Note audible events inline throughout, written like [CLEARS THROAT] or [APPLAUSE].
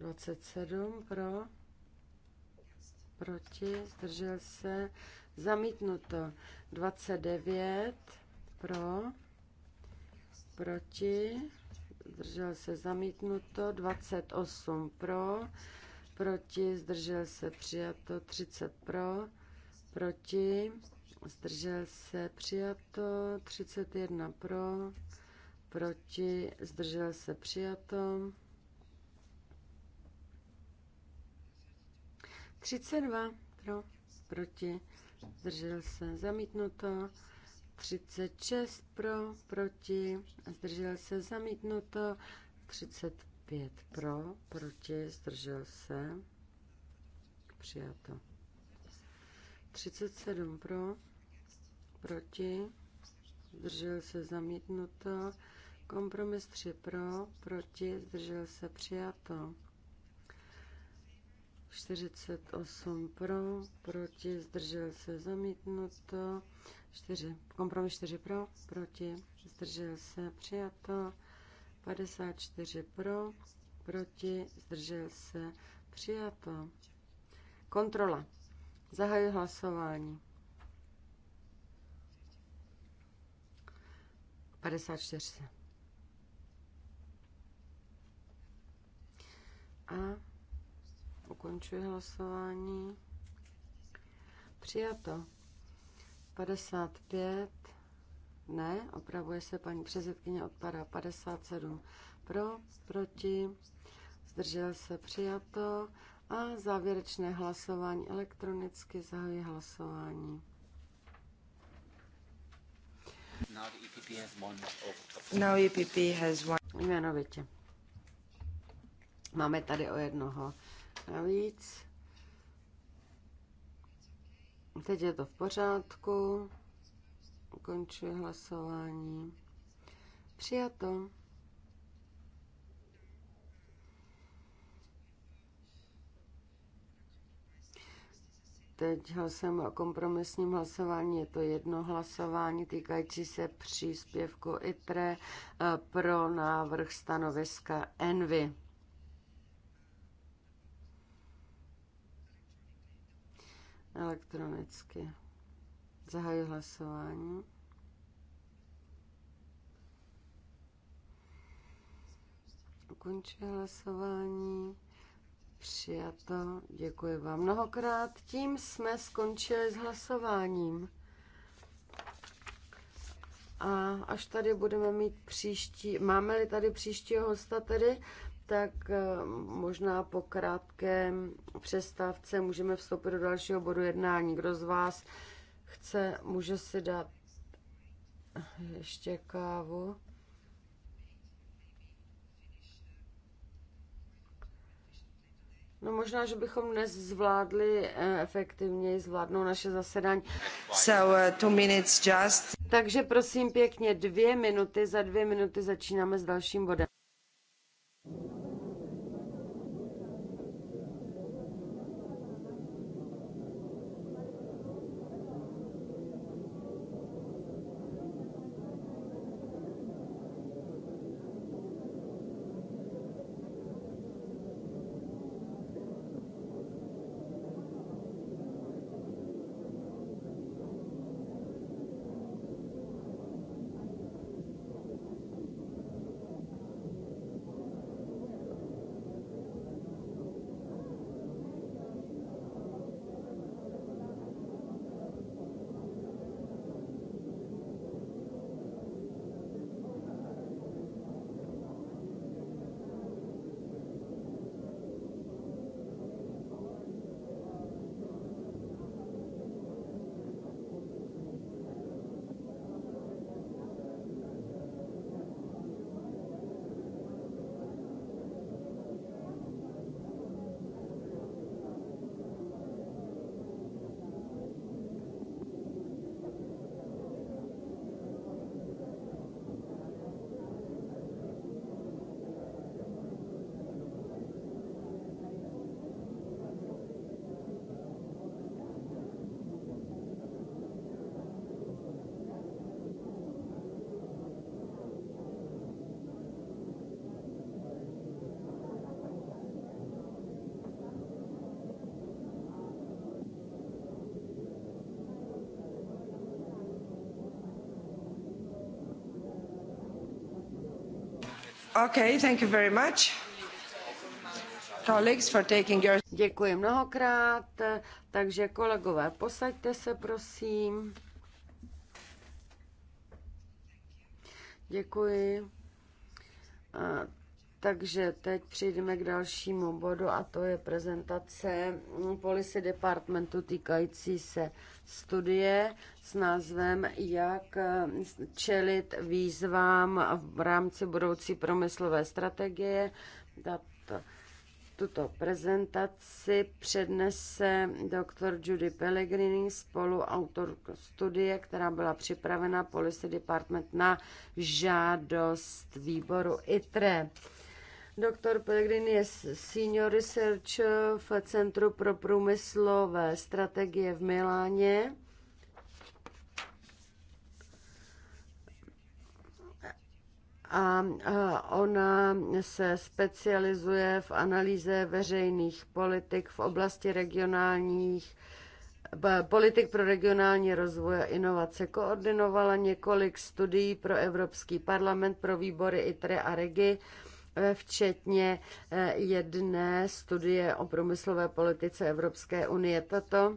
27 pro, proti, zdržel se, zamítnuto. 29 pro, proti, zdržel se, zamítnuto. 28 pro, proti, zdržel se, přijato. 30 pro, proti, zdržel se, přijato. 31 pro, proti, zdržel se, přijato. 32 pro, proti, zdržel se, zamítnuto. 36 pro, proti, zdržel se, zamítnuto. 35 pro, proti, zdržel se, přijato. 37 pro, proti, zdržel se, zamítnuto. Kompromis 3 pro, proti, zdržel se, přijato. 48 pro, proti, zdržel se, zamítnuto. 4, kompromis 4 pro, proti, zdržel se, přijato. 54 pro, proti, zdržel se, přijato. Kontrola. Zahajuji hlasování. 54. A Ukončuji hlasování. Přijato. 55. Ne, opravuje se paní předsedkyně odpada. 57. Pro, proti, zdržel se přijato. A závěrečné hlasování elektronicky zahají hlasování. Now EPP has one. Jmenovitě. Máme tady o jednoho Navíc. Teď je to v pořádku. Ukončuji hlasování. Přijato. Teď hlasujeme o kompromisním hlasování. Je to jedno hlasování týkající se příspěvku ITRE eh, pro návrh stanoviska ENVY. elektronicky. Zahajuji hlasování. Ukončuji hlasování. Přijato. Děkuji vám mnohokrát. Tím jsme skončili s hlasováním. A až tady budeme mít příští, máme-li tady příštího hosta tedy, tak eh, možná po krátké přestávce můžeme vstoupit do dalšího bodu jednání. Kdo z vás chce, může si dát ještě kávu. No možná, že bychom dnes zvládli eh, efektivněji zvládnout naše zasedání. So, uh, two minutes just. Takže prosím pěkně dvě minuty, za dvě minuty začínáme s dalším bodem. Děkuji mnohokrát, takže kolegové, posaďte se prosím. Děkuji. Takže teď přejdeme k dalšímu bodu a to je prezentace Policy Departmentu týkající se studie s názvem Jak čelit výzvám v rámci budoucí promyslové strategie. Tato, tuto prezentaci přednese doktor Judy Pellegrini, spoluautor studie, která byla připravena Policy Department na žádost výboru ITRE. Doktor Pellegrini je senior research eh, v Centru pro průmyslové strategie v Miláně. A eh, ona se specializuje v analýze veřejných politik v oblasti regionálních eh, politik pro regionální rozvoj a inovace. Koordinovala několik studií pro Evropský parlament, pro výbory ITRE a REGI včetně eh, jedné studie o průmyslové politice Evropské unie. Tato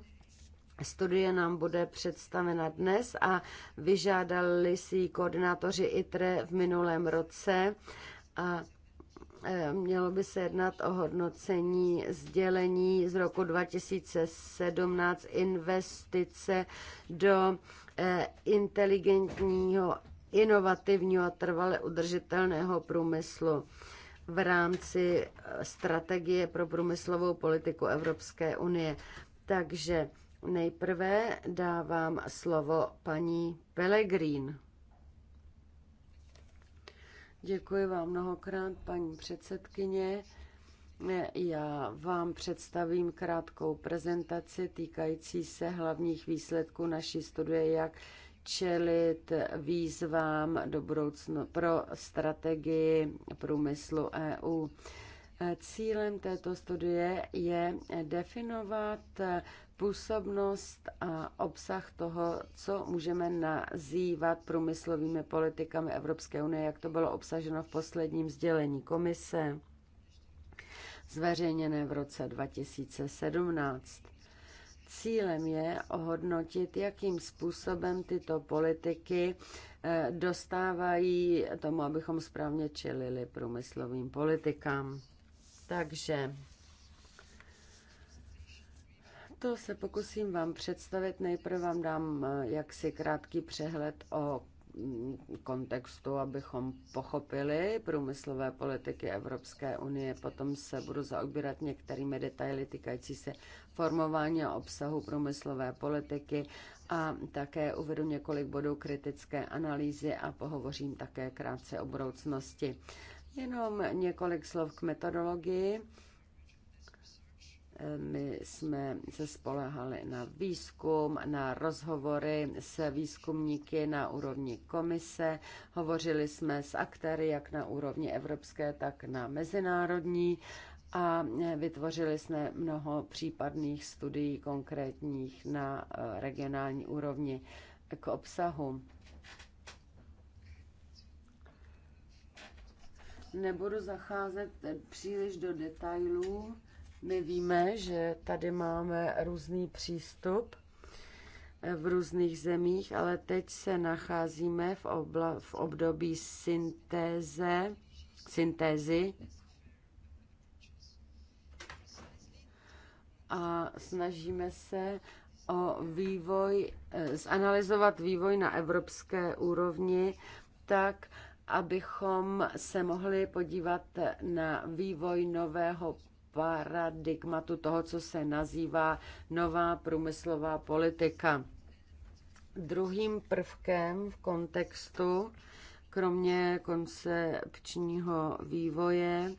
Studie nám bude představena dnes a vyžádali si ji koordinátoři ITRE v minulém roce a eh, mělo by se jednat o hodnocení sdělení z roku 2017 investice do eh, inteligentního inovativního a trvale udržitelného průmyslu v rámci eh, strategie pro průmyslovou politiku Evropské unie. Takže nejprve dávám slovo paní Pelegrín. Děkuji vám mnohokrát, paní předsedkyně. Já vám představím krátkou prezentaci týkající se hlavních výsledků naší studie, jak čelit výzvám do budoucna pro strategii průmyslu EU. Cílem této studie je definovat působnost a obsah toho, co můžeme nazývat průmyslovými politikami Evropské unie, jak to bylo obsaženo v posledním sdělení komise zveřejněné v roce 2017. Cílem je ohodnotit, jakým způsobem tyto politiky eh, dostávají tomu, abychom správně čelili průmyslovým politikám. Takže to se pokusím vám představit. Nejprve vám dám eh, jaksi krátký přehled o kontextu, abychom pochopili průmyslové politiky Evropské unie. Potom se budu zaobírat některými detaily týkající se formování a obsahu průmyslové politiky a také uvedu několik bodů kritické analýzy a pohovořím také krátce o budoucnosti. Jenom několik slov k metodologii my jsme se spolehali na výzkum, na rozhovory s výzkumníky na úrovni komise. Hovořili jsme s aktéry jak na úrovni evropské, tak na mezinárodní a vytvořili jsme mnoho případných studií konkrétních na eh, regionální úrovni k obsahu. Nebudu zacházet příliš do detailů my víme, že tady máme různý přístup v různých zemích, ale teď se nacházíme v, obla, v období syntéze, syntézy a snažíme se o vývoj, eh, zanalizovat vývoj na evropské úrovni tak, abychom se mohli podívat na vývoj nového paradigmatu toho, co se nazývá nová průmyslová politika. Druhým prvkem v kontextu, kromě koncepčního vývoje,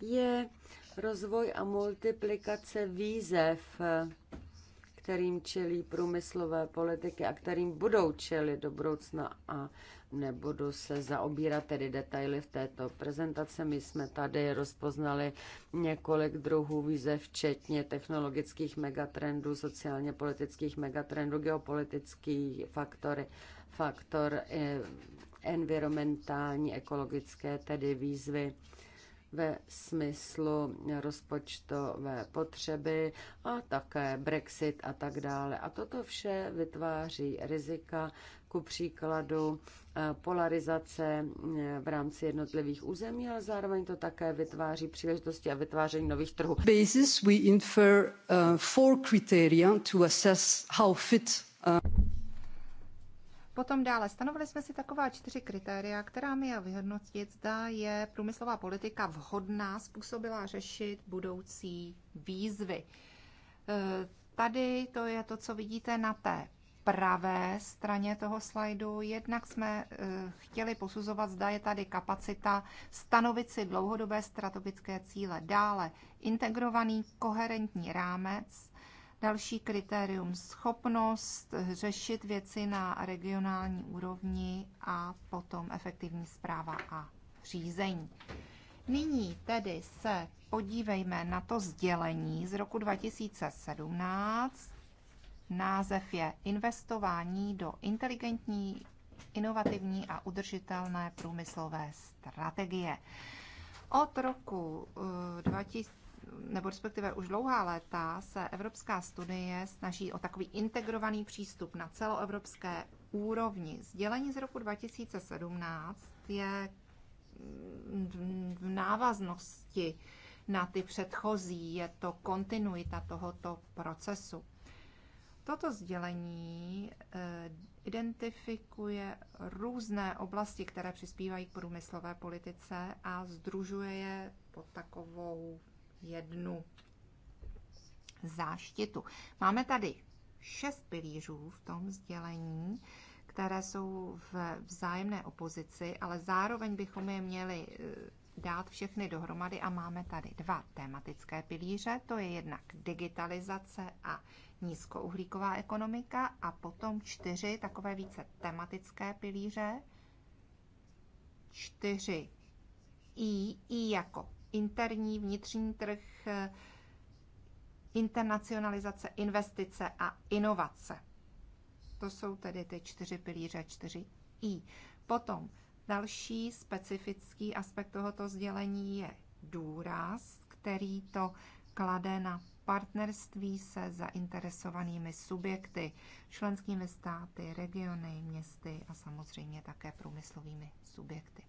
je rozvoj a multiplikace výzev, kterým čelí průmyslové politiky a kterým budou čelit do budoucna. A nebudu se zaobírat tedy detaily v této prezentaci. My jsme tady rozpoznali několik druhů výzev, včetně technologických megatrendů, sociálně politických megatrendů, geopolitický faktory, faktor eh, environmentální, ekologické, tedy výzvy ve smyslu rozpočtové potřeby a také Brexit a tak dále. A toto vše vytváří rizika, ku příkladu Eh, polarizace eh, v rámci jednotlivých území, ale zároveň to také vytváří příležitosti a vytváření nových trhů. Basis we infer uh, four criteria to assess how fit uh... Potom dále stanovili jsme si taková čtyři kritéria, která mi je vyhodnotit, zda je průmyslová politika vhodná, způsobila řešit budoucí výzvy. Tady to je to, co vidíte na té pravé straně toho slajdu. Jednak jsme eh, chtěli posuzovat, zda je tady kapacita stanovit si dlouhodobé strategické cíle. Dále integrovaný koherentní rámec, další kritérium schopnost řešit věci na regionální úrovni a potom efektivní zpráva a řízení. Nyní tedy se podívejme na to sdělení z roku 2017, Název je Investování do inteligentní, inovativní a udržitelné průmyslové strategie. Od roku 2000, eh, nebo respektive už dlouhá léta se Evropská studie snaží o takový integrovaný přístup na celoevropské úrovni. Sdělení z roku 2017 je mm, v návaznosti na ty předchozí, je to kontinuita tohoto procesu. Toto sdělení eh, identifikuje různé oblasti, které přispívají k průmyslové politice a združuje je pod takovou jednu záštitu. Máme tady šest pilířů v tom sdělení, které jsou v vzájemné opozici, ale zároveň bychom je měli eh, dát všechny dohromady a máme tady dva tematické pilíře, to je jednak digitalizace a nízkouhlíková ekonomika a potom čtyři takové více tematické pilíře. Čtyři I, I jako interní vnitřní trh, internacionalizace, investice a inovace. To jsou tedy ty čtyři pilíře, čtyři I. Potom další specifický aspekt tohoto sdělení je důraz, který to klade na partnerství se zainteresovanými subjekty, členskými státy, regiony, městy a samozřejmě také průmyslovými subjekty.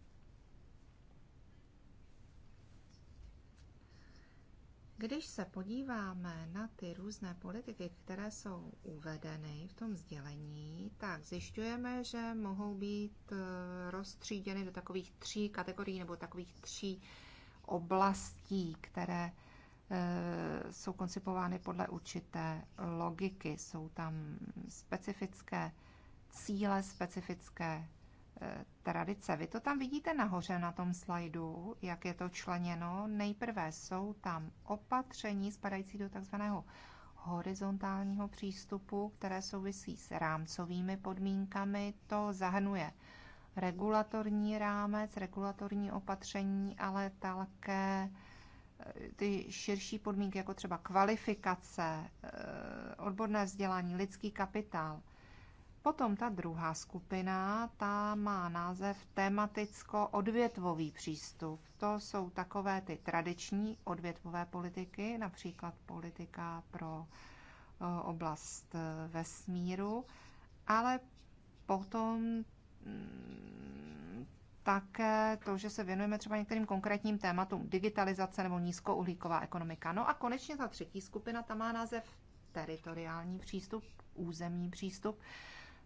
Když se podíváme na ty různé politiky, které jsou uvedeny v tom sdělení, tak zjišťujeme, že mohou být eh, rozstříděny do takových tří kategorií nebo takových tří oblastí, které Eh, jsou koncipovány podle určité logiky. Jsou tam specifické cíle, specifické eh, tradice. Vy to tam vidíte nahoře na tom slajdu, jak je to členěno. Nejprve jsou tam opatření spadající do takzvaného horizontálního přístupu, které souvisí s rámcovými podmínkami. To zahrnuje regulatorní rámec, regulatorní opatření, ale také ty širší podmínky, jako třeba kvalifikace, eh, odborné vzdělání, lidský kapitál. Potom ta druhá skupina, ta má název tematicko-odvětvový přístup. To jsou takové ty tradiční odvětvové politiky, například politika pro eh, oblast eh, vesmíru, ale potom mm, také to, že se věnujeme třeba některým konkrétním tématům digitalizace nebo nízkouhlíková ekonomika. No a konečně ta třetí skupina, ta má název teritoriální přístup, územní přístup.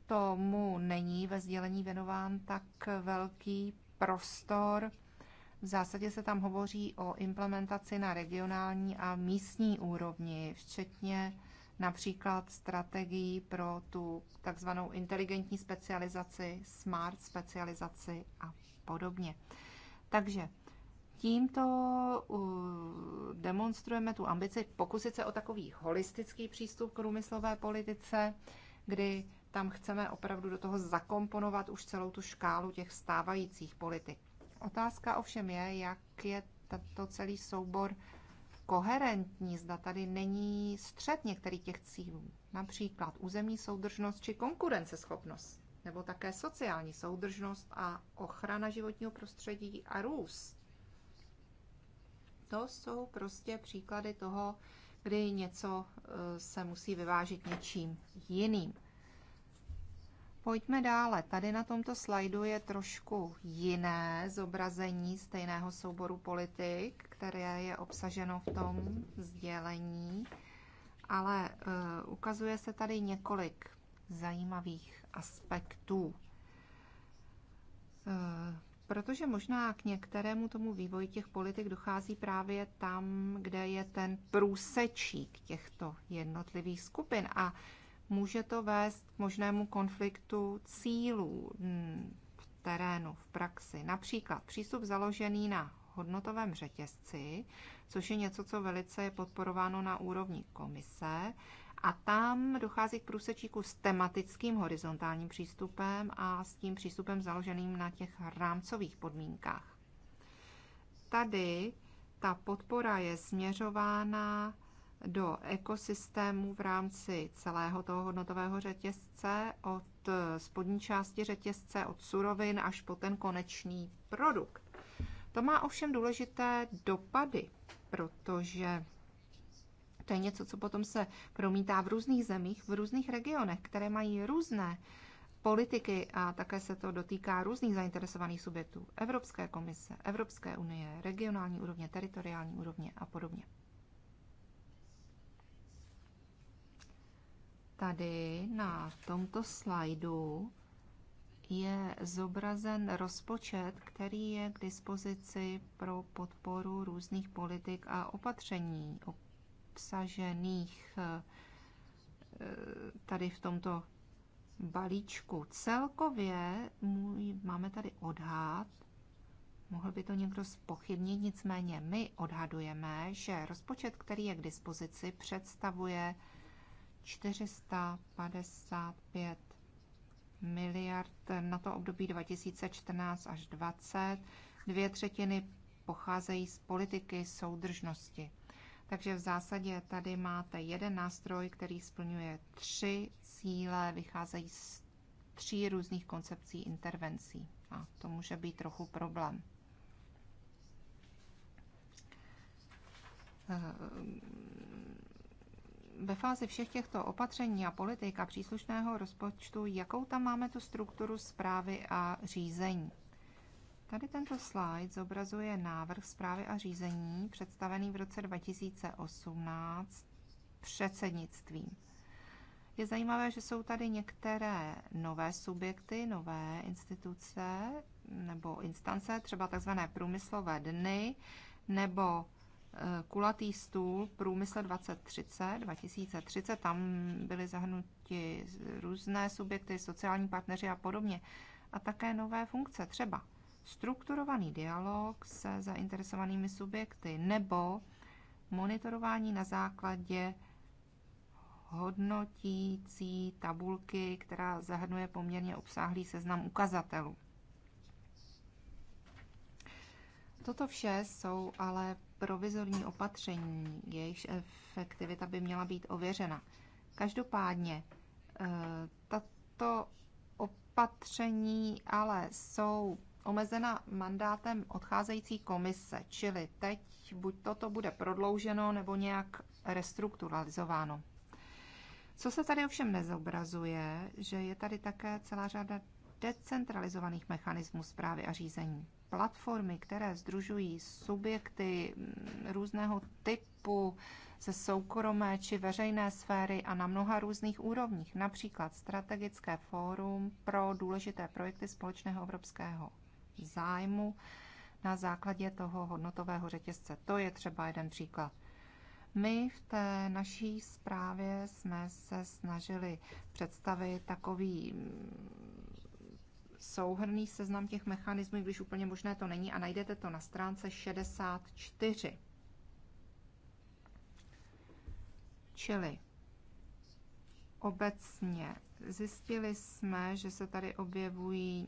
Tomu není ve sdělení věnován tak velký prostor. V zásadě se tam hovoří o implementaci na regionální a místní úrovni, včetně například strategií pro tu takzvanou inteligentní specializaci, smart specializaci a podobně. Takže tímto uh, demonstrujeme tu ambici pokusit se o takový holistický přístup k průmyslové politice, kdy tam chceme opravdu do toho zakomponovat už celou tu škálu těch stávajících politik. Otázka ovšem je, jak je tento celý soubor koherentní, zda tady není střed některých těch cílů, například územní soudržnost či konkurenceschopnost, nebo také sociální soudržnost a ochrana životního prostředí a růst. To jsou prostě příklady toho, kdy něco eh, se musí vyvážit něčím jiným. Pojďme dále. Tady na tomto slajdu je trošku jiné zobrazení stejného souboru politik, které je obsaženo v tom sdělení, ale uh, ukazuje se tady několik zajímavých aspektů. Uh, protože možná k některému tomu vývoji těch politik dochází právě tam, kde je ten průsečík těchto jednotlivých skupin. A uh, může to vést k možnému konfliktu cílů mm, v terénu, v praxi. Například přístup založený na hodnotovém řetězci, což je něco, co velice je podporováno na úrovni komise. A tam dochází k průsečíku s tematickým horizontálním přístupem a s tím přístupem založeným na těch rámcových podmínkách. Tady ta podpora je směřována do ekosystému v rámci celého toho hodnotového řetězce, od spodní části řetězce, od surovin až po ten konečný produkt. To má ovšem důležité dopady, protože to je něco, co potom se promítá v různých zemích, v různých regionech, které mají různé politiky a také se to dotýká různých zainteresovaných subjektů, Evropské komise, Evropské unie, regionální úrovně, teritoriální úrovně a podobně. Tady na tomto slajdu je zobrazen rozpočet, který je k dispozici pro podporu různých politik a opatření obsažených eh, tady v tomto balíčku. Celkově máme tady odhad, mohl by to někdo spochybnit, nicméně my odhadujeme, že rozpočet, který je k dispozici, představuje 455 miliard na to období 2014 až 2020. Dvě třetiny pocházejí z politiky soudržnosti. Takže v zásadě tady máte jeden nástroj, který splňuje tři cíle, vycházejí z tří různých koncepcí intervencí. A to může být trochu problém. Eh, ve fázi všech těchto opatření a politik a příslušného rozpočtu, jakou tam máme tu strukturu zprávy a řízení. Tady tento slide zobrazuje návrh zprávy a řízení představený v roce 2018 předsednictvím. Je zajímavé, že jsou tady některé nové subjekty, nové instituce nebo instance, třeba tzv. průmyslové dny nebo Eh, kulatý stůl Průmysl 2030, 2030, tam byly zahrnuti různé subjekty, sociální partneři a podobně. A také nové funkce, třeba strukturovaný dialog se zainteresovanými subjekty nebo monitorování na základě hodnotící tabulky, která zahrnuje poměrně obsáhlý seznam ukazatelů. Toto vše jsou ale provizorní opatření, jejichž efektivita by měla být ověřena. Každopádně eh, tato opatření ale jsou omezena mandátem odcházející komise, čili teď buď toto bude prodlouženo nebo nějak restrukturalizováno. Co se tady ovšem nezobrazuje, že je tady také celá řada decentralizovaných mechanismů zprávy a řízení platformy, které združují subjekty různého typu ze soukromé či veřejné sféry a na mnoha různých úrovních, například strategické fórum pro důležité projekty společného evropského zájmu na základě toho hodnotového řetězce. To je třeba jeden příklad. My v té naší zprávě jsme se snažili představit takový souhrný seznam těch mechanismů, když úplně možné to není, a najdete to na stránce 64. Čili obecně zjistili jsme, že se tady objevují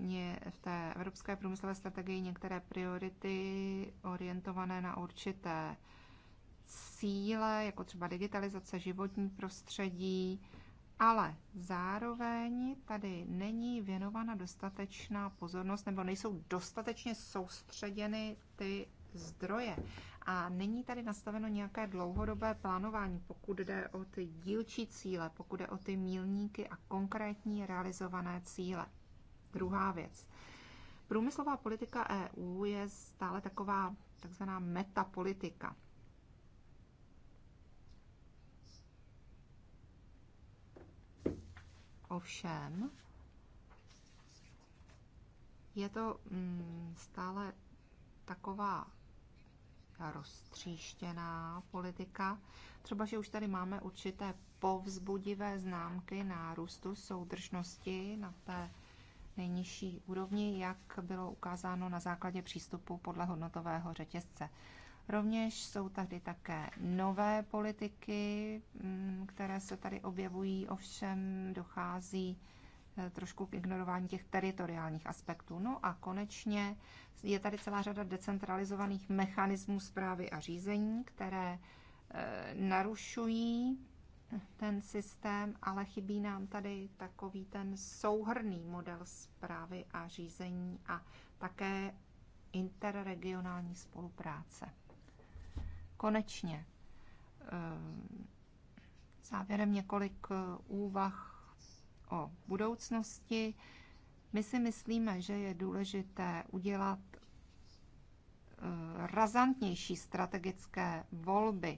v té evropské průmyslové strategii některé priority orientované na určité cíle, jako třeba digitalizace, životní prostředí, ale zároveň tady není věnována dostatečná pozornost nebo nejsou dostatečně soustředěny ty zdroje. A není tady nastaveno nějaké dlouhodobé plánování, pokud jde o ty dílčí cíle, pokud jde o ty mílníky a konkrétní realizované cíle. Druhá věc. Průmyslová politika EU je stále taková takzvaná metapolitika. Ovšem, je to mm, stále taková roztříštěná politika. Třeba, že už tady máme určité povzbudivé známky nárůstu soudržnosti na té nejnižší úrovni, jak bylo ukázáno na základě přístupu podle hodnotového řetězce. Rovněž jsou tady také nové politiky, mm, které se tady objevují, ovšem dochází e, trošku k ignorování těch teritoriálních aspektů. No a konečně je tady celá řada decentralizovaných mechanismů zprávy a řízení, které e, narušují ten systém, ale chybí nám tady takový ten souhrný model zprávy a řízení a také interregionální spolupráce. Konečně eh, závěrem několik eh, úvah o budoucnosti. My si myslíme, že je důležité udělat eh, razantnější strategické volby.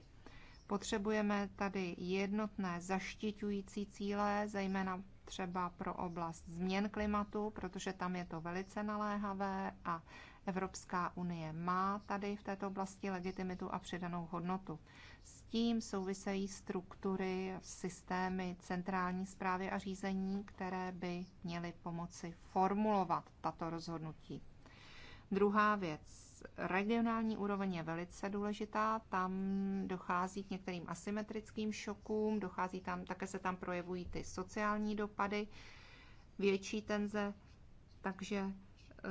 Potřebujeme tady jednotné zaštiťující cíle, zejména třeba pro oblast změn klimatu, protože tam je to velice naléhavé a Evropská unie má tady v této oblasti legitimitu a přidanou hodnotu. S tím souvisejí struktury, systémy centrální zprávy a řízení, které by měly pomoci formulovat tato rozhodnutí. Druhá věc. Regionální úroveň je velice důležitá, tam dochází k některým asymetrickým šokům, dochází tam, také se tam projevují ty sociální dopady, větší tenze, takže eh,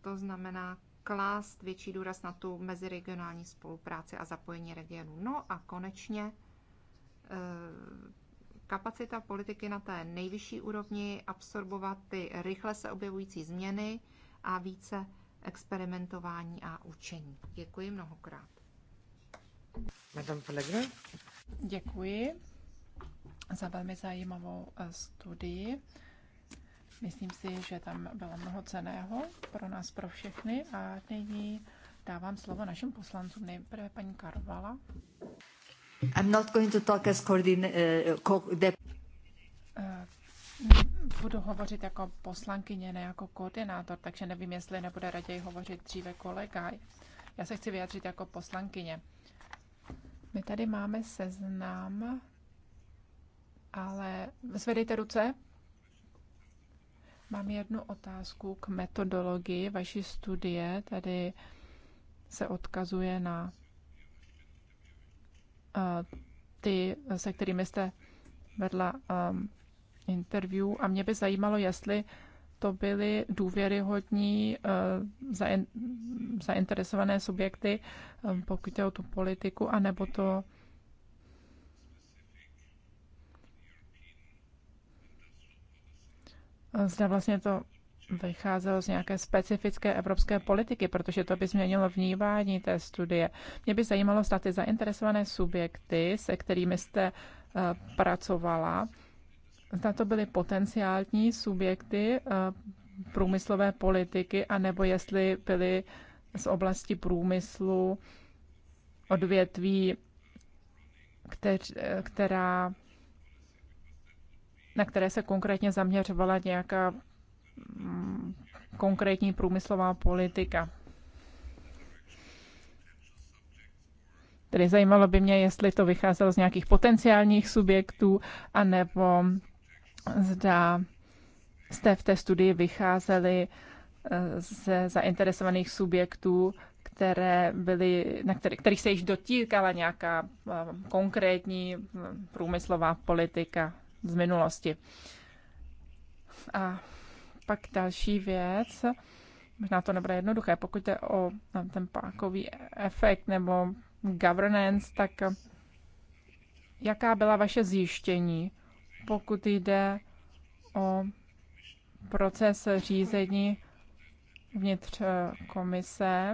to znamená klást větší důraz na tu meziregionální spolupráci a zapojení regionů. No a konečně eh, kapacita politiky na té nejvyšší úrovni absorbovat ty rychle se objevující změny a více experimentování a učení. Děkuji mnohokrát. Madame Polegra. Děkuji za velmi zajímavou eh, studii. Myslím si, že tam bylo mnoho ceného pro nás, pro všechny. A nyní dávám slovo našim poslancům, nejprve paní Karvala. I'm not going to talk as coordinator. Eh, eh, budu hovořit jako poslankyně, ne jako koordinátor, takže nevím, jestli nebude raději hovořit dříve kolega. Já se chci vyjádřit jako poslankyně. My tady máme seznam, ale zvedejte ruce, Mám jednu otázku k metodologii vaší studie. Tady se odkazuje na eh, ty, se kterými jste vedla eh, interview a mě by zajímalo, jestli to byly důvěryhodní eh, zainteresované subjekty, pokud je o tu politiku, anebo to Eh, zda vlastně to vycházelo z nějaké specifické evropské politiky, protože to by změnilo vnímání té studie. Mě by zajímalo, zda ty zainteresované subjekty, se kterými jste eh, pracovala, zda to byly potenciální subjekty eh, průmyslové politiky, anebo jestli byly z oblasti průmyslu odvětví, která na které se konkrétně zaměřovala nějaká mm, konkrétní průmyslová politika. Tedy zajímalo by mě, jestli to vycházelo z nějakých potenciálních subjektů, anebo zda jste v té studii vycházeli eh, ze zainteresovaných subjektů, které byly, na který, kterých se již dotýkala nějaká eh, konkrétní eh, průmyslová politika z minulosti. A pak další věc, možná to nebude jednoduché, pokud je o no, ten pákový efekt nebo governance, tak jaká byla vaše zjištění, pokud jde o proces řízení vnitř eh, komise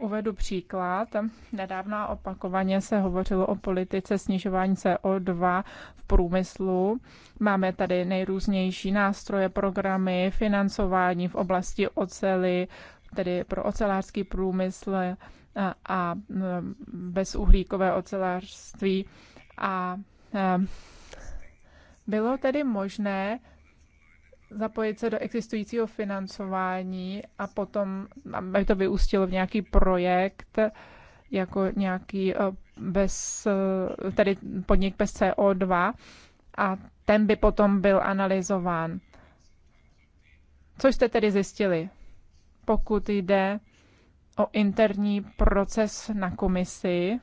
Uvedu příklad. Nedávno opakovaně se hovořilo o politice snižování CO2 v průmyslu. Máme tady nejrůznější nástroje, programy, financování v oblasti ocely, tedy pro ocelářský průmysl a, a bezuhlíkové ocelářství. A, a bylo tedy možné zapojit se do existujícího financování a potom, aby to vyústilo v nějaký projekt, jako nějaký eh, bez, eh, tedy podnik bez CO2 a ten by potom byl analyzován. Co jste tedy zjistili, pokud jde o interní proces na komisi?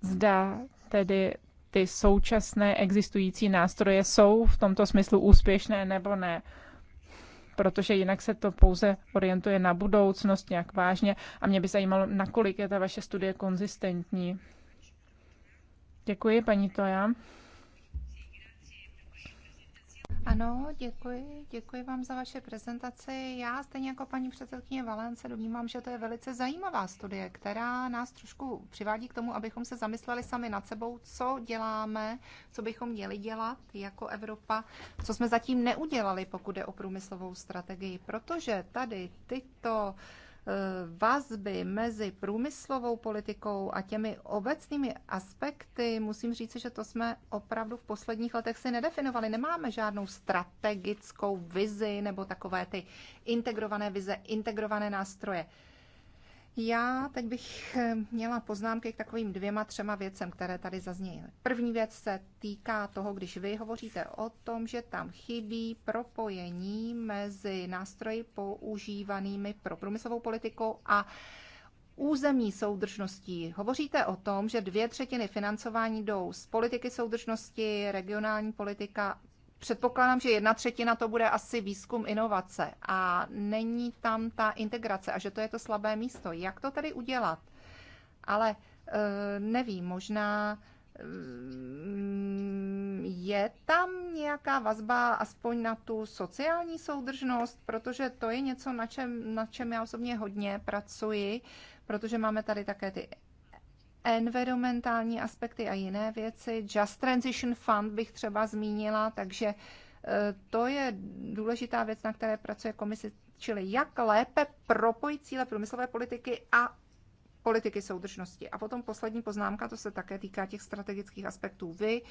Zda tedy ty současné existující nástroje jsou v tomto smyslu úspěšné nebo ne protože jinak se to pouze orientuje na budoucnost nějak vážně a mě by zajímalo, nakolik je ta vaše studie konzistentní. Děkuji, paní Toja. Ano, děkuji. Děkuji vám za vaše prezentaci. Já stejně jako paní předsedkyně Valence domnívám, že to je velice zajímavá studie, která nás trošku přivádí k tomu, abychom se zamysleli sami nad sebou, co děláme, co bychom měli dělat jako Evropa, co jsme zatím neudělali, pokud jde o průmyslovou strategii, protože tady tyto uh, Eh, vazby mezi průmyslovou politikou a těmi obecnými aspekty, musím říct, že to jsme opravdu v posledních letech si nedefinovali. Nemáme žádnou strategickou vizi nebo takové ty integrované vize, integrované nástroje. Já teď bych eh, měla poznámky k takovým dvěma, třema věcem, které tady zazněly. První věc se týká toho, když vy hovoříte o tom, že tam chybí propojení mezi nástroji používanými pro průmyslovou politiku a územní soudržností. Hovoříte o tom, že dvě třetiny financování jdou z politiky soudržnosti, regionální politika předpokládám, že jedna třetina to bude asi výzkum inovace a není tam ta integrace a že to je to slabé místo. Jak to tedy udělat? Ale e, nevím, možná mm, je tam nějaká vazba aspoň na tu sociální soudržnost, protože to je něco, na čem, na čem já osobně hodně pracuji, protože máme tady také ty environmentální aspekty a jiné věci. Just Transition Fund bych třeba zmínila, takže e, to je důležitá věc, na které pracuje komise, čili jak lépe propojit cíle průmyslové politiky a politiky soudržnosti. A potom poslední poznámka, to se také týká těch strategických aspektů. Vy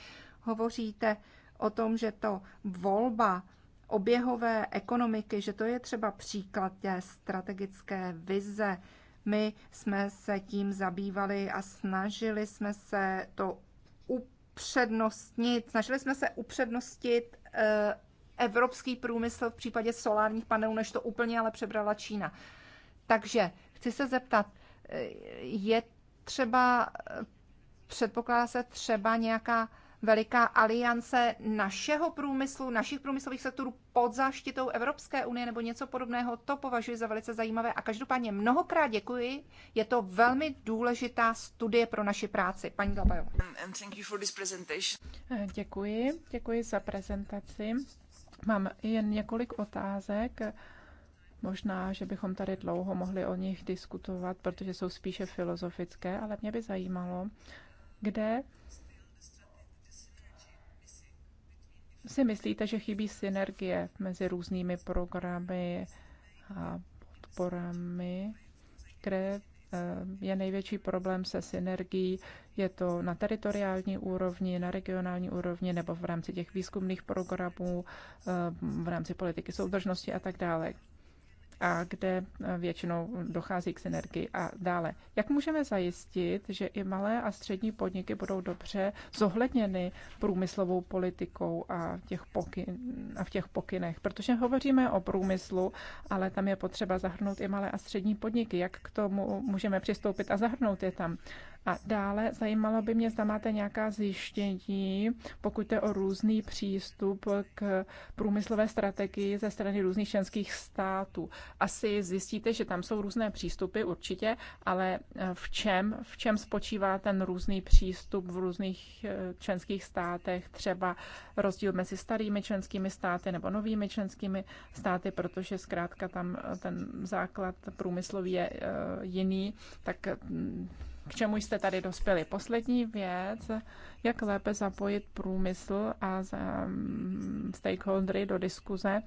hovoříte o tom, že to volba oběhové ekonomiky, že to je třeba příklad té strategické vize, my jsme se tím zabývali a snažili jsme se to upřednostnit. Snažili jsme se upřednostit eh, evropský průmysl v případě solárních panelů, než to úplně ale přebrala Čína. Takže chci se zeptat, eh, je třeba, eh, předpokládá se třeba nějaká veliká aliance našeho průmyslu, našich průmyslových sektorů pod záštitou Evropské unie nebo něco podobného, to považuji za velice zajímavé. A každopádně mnohokrát děkuji, je to velmi důležitá studie pro naši práci. Paní Dlabajová. Eh, děkuji, děkuji za prezentaci. Mám jen několik otázek. Možná, že bychom tady dlouho mohli o nich diskutovat, protože jsou spíše filozofické, ale mě by zajímalo, kde si myslíte, že chybí synergie mezi různými programy a podporami, které eh, je největší problém se synergií. Je to na teritoriální úrovni, na regionální úrovni nebo v rámci těch výzkumných programů, eh, v rámci politiky soudržnosti a tak dále a kde e, většinou dochází k synergii a dále. Jak můžeme zajistit, že i malé a střední podniky budou dobře zohledněny průmyslovou politikou a v těch, pokyn, a v těch pokynech? Protože hovoříme o průmyslu, ale tam je potřeba zahrnout i malé a střední podniky. Jak k tomu můžeme přistoupit a zahrnout je tam? A dále zajímalo by mě, zda máte nějaká zjištění, pokud je o různý přístup k průmyslové strategii ze strany různých členských států. Asi zjistíte, že tam jsou různé přístupy určitě, ale eh, v čem, v čem spočívá ten různý přístup v různých eh, členských státech, třeba rozdíl mezi starými členskými státy nebo novými členskými státy, protože zkrátka tam eh, ten základ průmyslový je jiný, tak hm, k čemu jste tady dospěli. Poslední věc, jak lépe zapojit průmysl a um, stakeholdery do diskuze.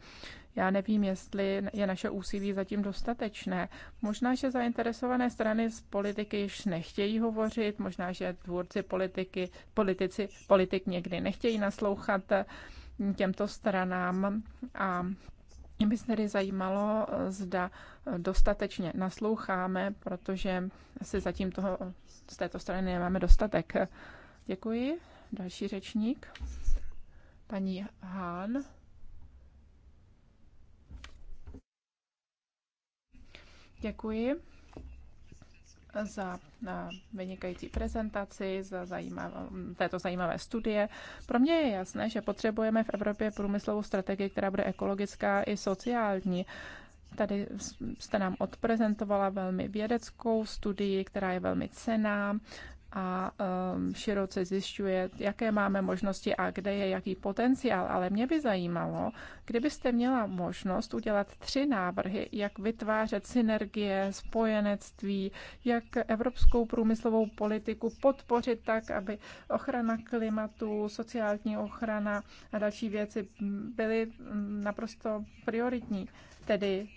Já nevím, jestli je naše úsilí zatím dostatečné. Možná, že zainteresované strany z politiky již nechtějí hovořit, možná, že tvůrci politiky, politici, politik někdy nechtějí naslouchat těmto stranám a mě by se tedy zajímalo, zda eh, dostatečně nasloucháme, protože se zatím toho eh, z této strany nemáme dostatek. Děkuji. Další řečník. Paní Hán. Děkuji za vynikající prezentaci, za zajímavé, této zajímavé studie. Pro mě je jasné, že potřebujeme v Evropě průmyslovou strategii, která bude ekologická i sociální. Tady jste nám odprezentovala velmi vědeckou studii, která je velmi cená a um, široce zjišťuje, jaké máme možnosti a kde je jaký potenciál. Ale mě by zajímalo, kdybyste měla možnost udělat tři návrhy, jak vytvářet synergie, spojenectví, jak evropskou průmyslovou politiku podpořit tak, aby ochrana klimatu, sociální ochrana a další věci byly mm, naprosto prioritní. Tedy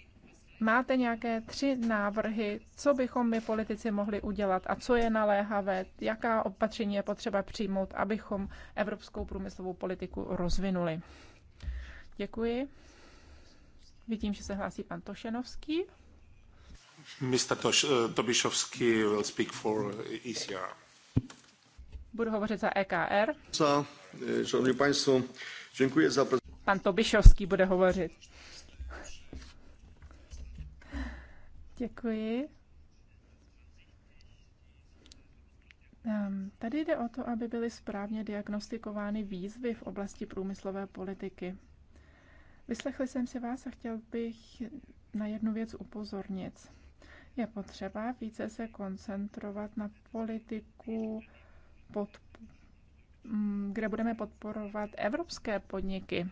Máte nějaké tři návrhy, co bychom my politici mohli udělat a co je naléhavé, jaká opatření je potřeba přijmout, abychom evropskou průmyslovou politiku rozvinuli. Děkuji. Vidím, že se hlásí pan Tošenovský. Mr. Toš, eh, Tobišovský will speak for ECR. Budu hovořit za EKR. Za, eh, Pan Tobišovský bude hovořit. Děkuji. Ehm, tady jde o to, aby byly správně diagnostikovány výzvy v oblasti průmyslové politiky. Vyslechli jsem si vás a chtěl bych na jednu věc upozornit. Je potřeba více se koncentrovat na politiku, pod, kde budeme podporovat evropské podniky.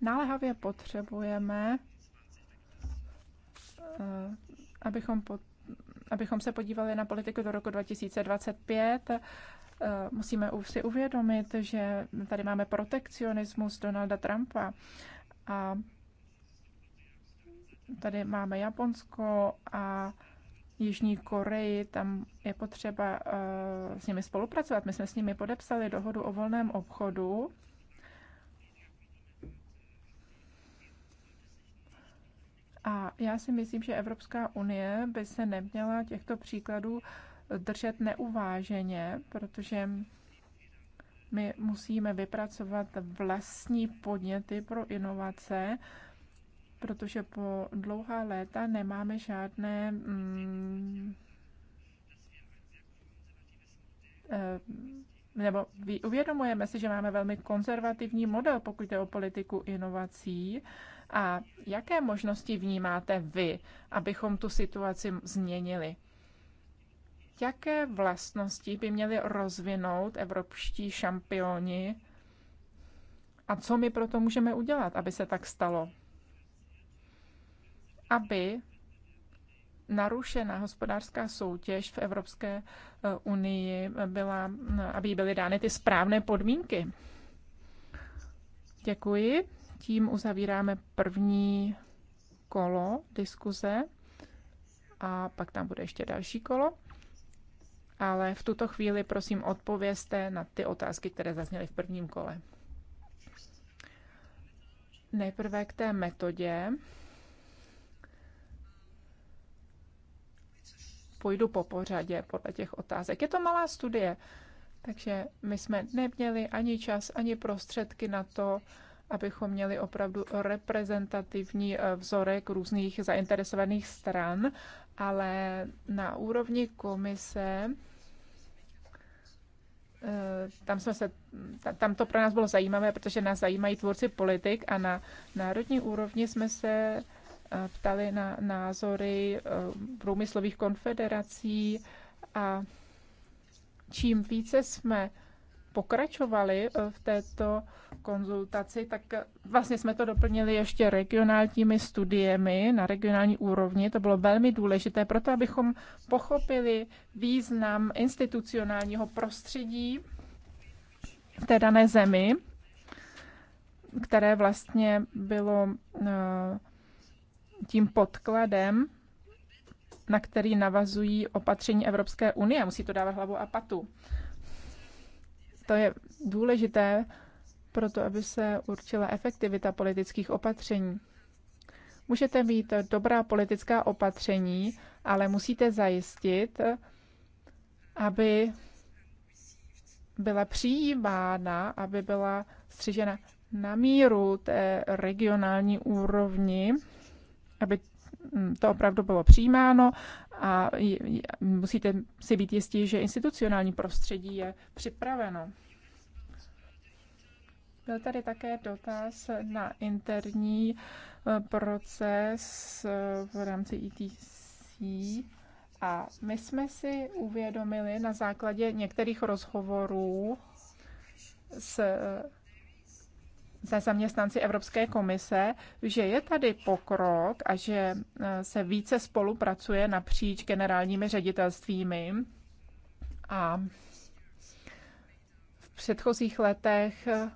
Náléhavě potřebujeme Eh, abychom, pod, abychom se podívali na politiku do roku 2025, eh, musíme si uvědomit, že tady máme protekcionismus Donalda Trumpa a tady máme Japonsko a Jižní Koreji, tam je potřeba eh, s nimi spolupracovat. My jsme s nimi podepsali dohodu o volném obchodu A já si myslím, že Evropská unie by se neměla těchto příkladů držet neuváženě, protože my musíme vypracovat vlastní podněty pro inovace, protože po dlouhá léta nemáme žádné mm, nebo uvědomujeme si, že máme velmi konzervativní model, pokud jde o politiku inovací. A jaké možnosti vnímáte vy, abychom tu situaci změnili? Jaké vlastnosti by měli rozvinout evropští šampioni a co my proto můžeme udělat, aby se tak stalo? Aby narušena hospodářská soutěž v Evropské eh, unii eh, byla, eh, aby jí byly dány ty správné podmínky. Děkuji. Tím uzavíráme první kolo diskuze a pak tam bude ještě další kolo. Ale v tuto chvíli prosím odpovězte na ty otázky, které zazněly v prvním kole. Nejprve k té metodě. půjdu po pořadě podle těch otázek. Je to malá studie, takže my jsme neměli ani čas, ani prostředky na to, abychom měli opravdu reprezentativní eh, vzorek různých zainteresovaných stran, ale na úrovni komise eh, tam, jsme se, tam to pro nás bylo zajímavé, protože nás zajímají tvůrci politik a na národní úrovni jsme se Eh, ptali na názory eh, průmyslových konfederací a čím více jsme pokračovali eh, v této konzultaci, tak vlastně jsme to doplnili ještě regionálními studiemi na regionální úrovni. To bylo velmi důležité proto, abychom pochopili význam institucionálního prostředí v té dané zemi, které vlastně bylo tím podkladem, na který navazují opatření Evropské unie. Musí to dávat hlavu a patu. To je důležité proto, aby se určila efektivita politických opatření. Můžete mít dobrá politická opatření, ale musíte zajistit, aby byla přijímána, aby byla střižena na míru té regionální úrovni aby mm, to opravdu bylo přijímáno a musíte si být jistí, že institucionální prostředí je připraveno. Byl tady také dotaz na interní eh, proces eh, v rámci ETC. A my jsme si uvědomili na základě některých rozhovorů s eh, se zaměstnanci Evropské komise, že je tady pokrok a že eh, se více spolupracuje napříč generálními ředitelstvími. A v předchozích letech eh,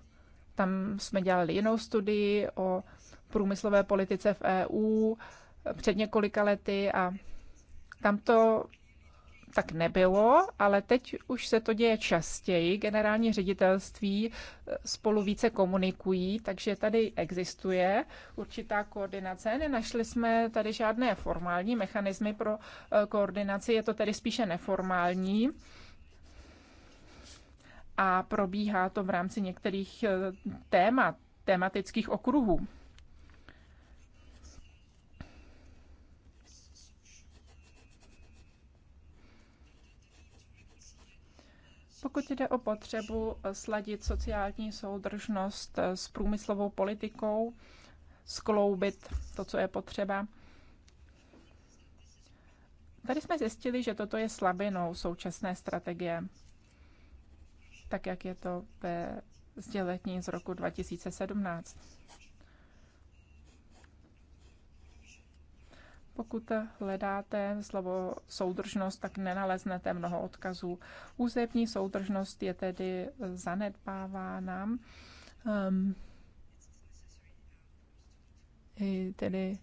tam jsme dělali jinou studii o průmyslové politice v EU eh, před několika lety a tam to tak nebylo, ale teď už se to děje častěji. Generální ředitelství eh, spolu více komunikují, takže tady existuje určitá koordinace. Nenašli jsme tady žádné formální mechanismy pro eh, koordinaci, je to tedy spíše neformální a probíhá to v rámci některých eh, témat, tematických okruhů. Pokud jde o potřebu eh, sladit sociální soudržnost eh, s průmyslovou politikou, skloubit to, co je potřeba, Tady jsme zjistili, že toto je slabinou současné strategie, tak jak je to ve sdělení z roku 2017. Pokud hledáte slovo soudržnost, tak nenaleznete mnoho odkazů. Územní soudržnost je tedy zanedbávána. Um, i tedy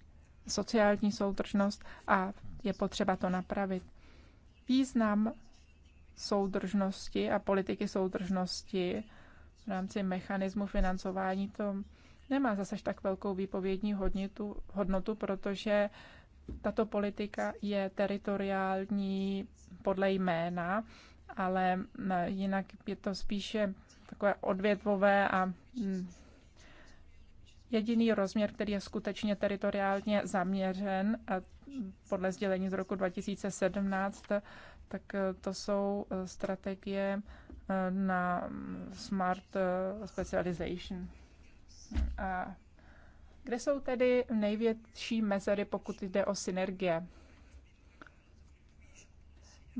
sociální soudržnost a je potřeba to napravit. Význam soudržnosti a politiky soudržnosti v rámci mechanismu financování to nemá zase tak velkou výpovědní hodnotu, hodnotu protože tato politika je teritoriální podle jména, ale jinak je to spíše takové odvětvové a jediný rozměr, který je skutečně teritoriálně zaměřen a podle sdělení z roku 2017, tak e, to jsou e, strategie e, na smart specialization. A kde jsou tedy největší mezery, pokud jde o synergie?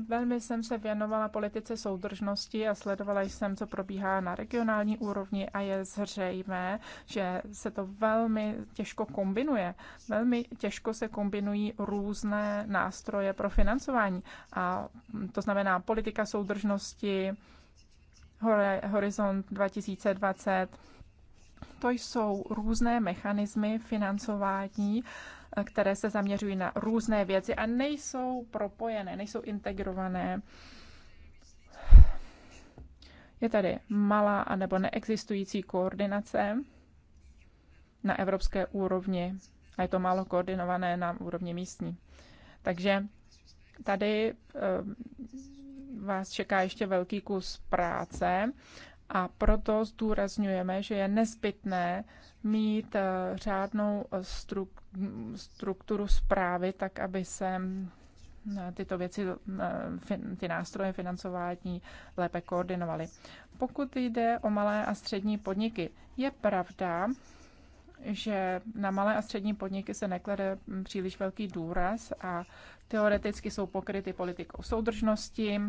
Velmi jsem se věnovala politice soudržnosti a sledovala jsem, co probíhá na regionální úrovni a je zřejmé, že se to velmi těžko kombinuje. Velmi těžko se kombinují různé nástroje pro financování. A to znamená politika soudržnosti, Horizont 2020, to jsou různé mechanismy financování, které se zaměřují na různé věci a nejsou propojené, nejsou integrované. Je tady malá anebo neexistující koordinace na evropské úrovni a je to málo koordinované na úrovni místní. Takže tady eh, vás čeká ještě velký kus práce a proto zdůrazňujeme, že je nezbytné mít eh, řádnou eh, strukturu zprávy, tak aby se mm, eh, tyto věci, ty nástroje financování lépe koordinovaly. Pokud jde o malé a střední podniky, je pravda, že na malé a střední podniky se neklade mm, příliš velký důraz a teoreticky jsou pokryty politikou soudržnosti,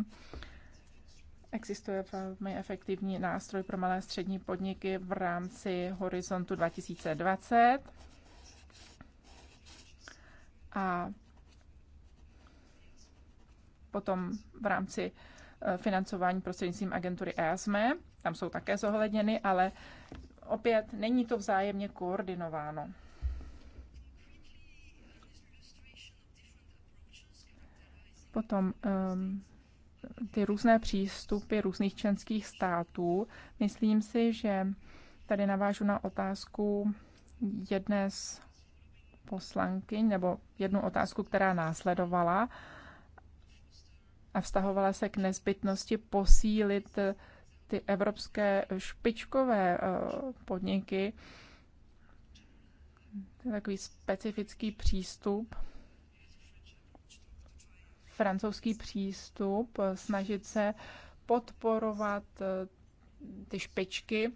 Existuje velmi efektivní nástroj pro malé a střední podniky v rámci Horizontu 2020. A potom v rámci eh, financování prostřednictvím agentury EASME, tam jsou také zohledněny, ale opět není to vzájemně koordinováno. Potom um, ty různé přístupy různých členských států. Myslím si, že tady navážu na otázku jedné z poslanky, nebo jednu otázku, která následovala a vztahovala se k nezbytnosti posílit ty evropské špičkové eh, podniky. To je takový specifický přístup francouzský přístup, eh, snažit se podporovat eh, ty špičky.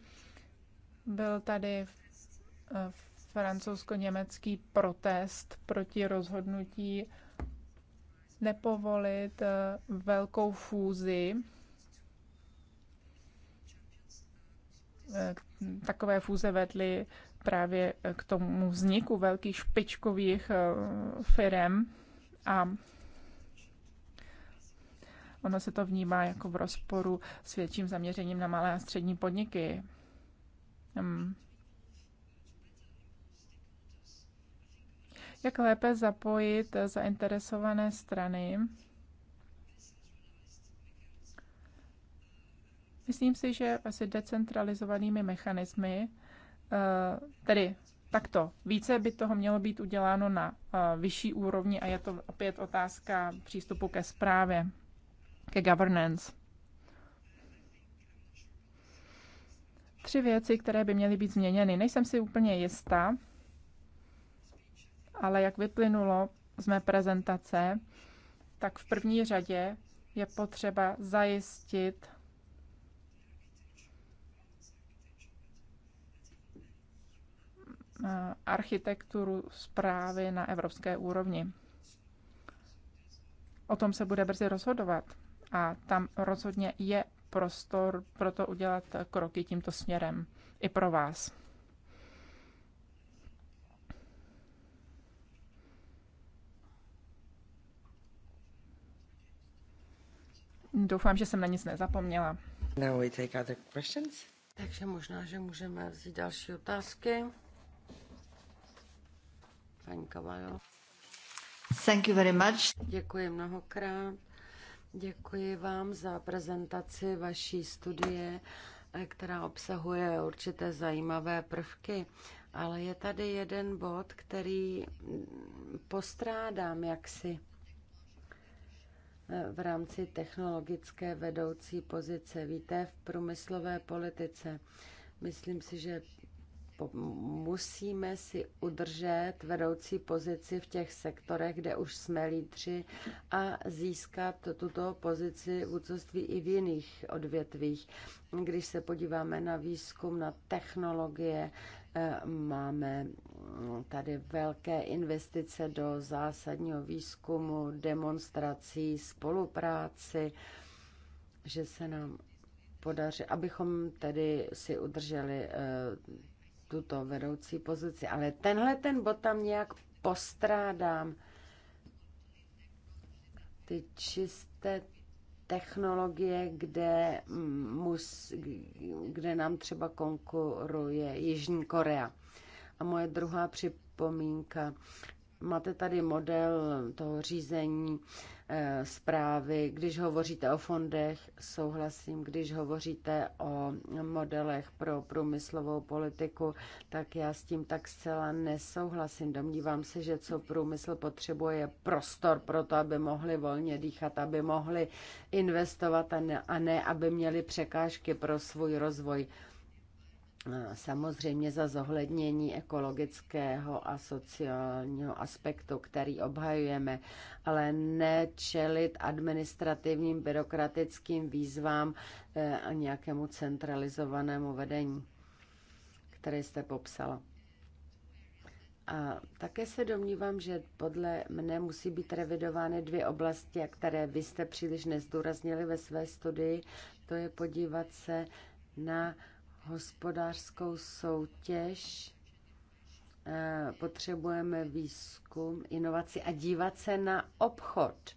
Byl tady eh, francouzsko-německý protest proti rozhodnutí nepovolit velkou fúzi, takové fúze vedly právě k tomu vzniku velkých špičkových firm a Ono se to vnímá jako v rozporu s větším zaměřením na malé a střední podniky. Hmm. Jak lépe zapojit zainteresované strany? Myslím si, že asi decentralizovanými mechanismy, eh, tedy takto, více by toho mělo být uděláno na eh, vyšší úrovni a je to opět otázka přístupu ke zprávě ke governance. Tři věci, které by měly být změněny. Nejsem si úplně jistá, ale jak vyplynulo z mé prezentace, tak v první řadě je potřeba zajistit eh, architekturu zprávy na evropské úrovni. O tom se bude brzy rozhodovat a tam rozhodně je prostor pro to udělat kroky tímto směrem i pro vás. Doufám, že jsem na nic nezapomněla. Now we take other questions. Takže možná, že můžeme vzít další otázky. Paní Kavajo. Thank you very much. Děkuji mnohokrát. Děkuji vám za prezentaci vaší studie, eh, která obsahuje určité zajímavé prvky, ale je tady jeden bod, který postrádám jaksi eh, v rámci technologické vedoucí pozice. Víte, v průmyslové politice. Myslím si, že musíme si udržet vedoucí pozici v těch sektorech, kde už jsme lídři a získat tuto pozici vůdcovství i v jiných odvětvích. Když se podíváme na výzkum, na technologie, eh, máme mm, tady velké investice do zásadního výzkumu, demonstrací, spolupráci, že se nám podaří, abychom tedy si udrželi eh, tuto vedoucí pozici. Ale tenhle ten bod tam nějak postrádám. Ty čisté technologie, kde, mus, kde nám třeba konkuruje Jižní Korea. A moje druhá připomínka. Máte tady model toho řízení eh, zprávy. Když hovoříte o fondech, souhlasím. Když hovoříte o modelech pro průmyslovou politiku, tak já s tím tak zcela nesouhlasím. Domnívám se, že co průmysl potřebuje, je prostor pro to, aby mohli volně dýchat, aby mohli investovat a ne, a ne aby měli překážky pro svůj rozvoj. No, no, samozřejmě za zohlednění ekologického a sociálního aspektu, který obhajujeme, ale nečelit administrativním byrokratickým výzvám eh, a nějakému centralizovanému vedení, které jste popsala. A také se domnívám, že podle mne musí být revidovány dvě oblasti, které vy jste příliš nezdůraznili ve své studii. To je podívat se na hospodářskou soutěž, eh, potřebujeme výzkum, inovaci a dívat se na obchod.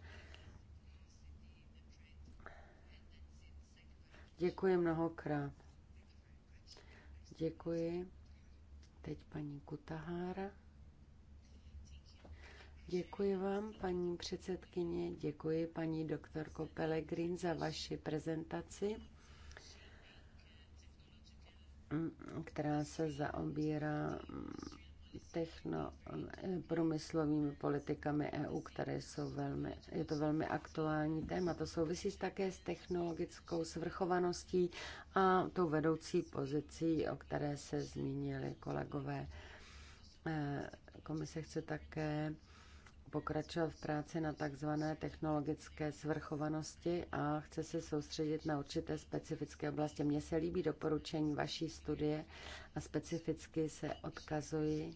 Děkuji mnohokrát. Děkuji. Teď paní Kutahára. Děkuji vám, paní předsedkyně, děkuji paní doktorko Pelegrin za vaši prezentaci která se zaobírá techno, průmyslovými politikami EU, které jsou velmi, je to velmi aktuální téma. To souvisí také s technologickou svrchovaností a tou vedoucí pozicí, o které se zmínili kolegové. E, komise chce také pokračovat v práci na takzvané technologické svrchovanosti a chce se soustředit na určité specifické oblasti. Mně se líbí doporučení vaší studie a specificky se odkazuji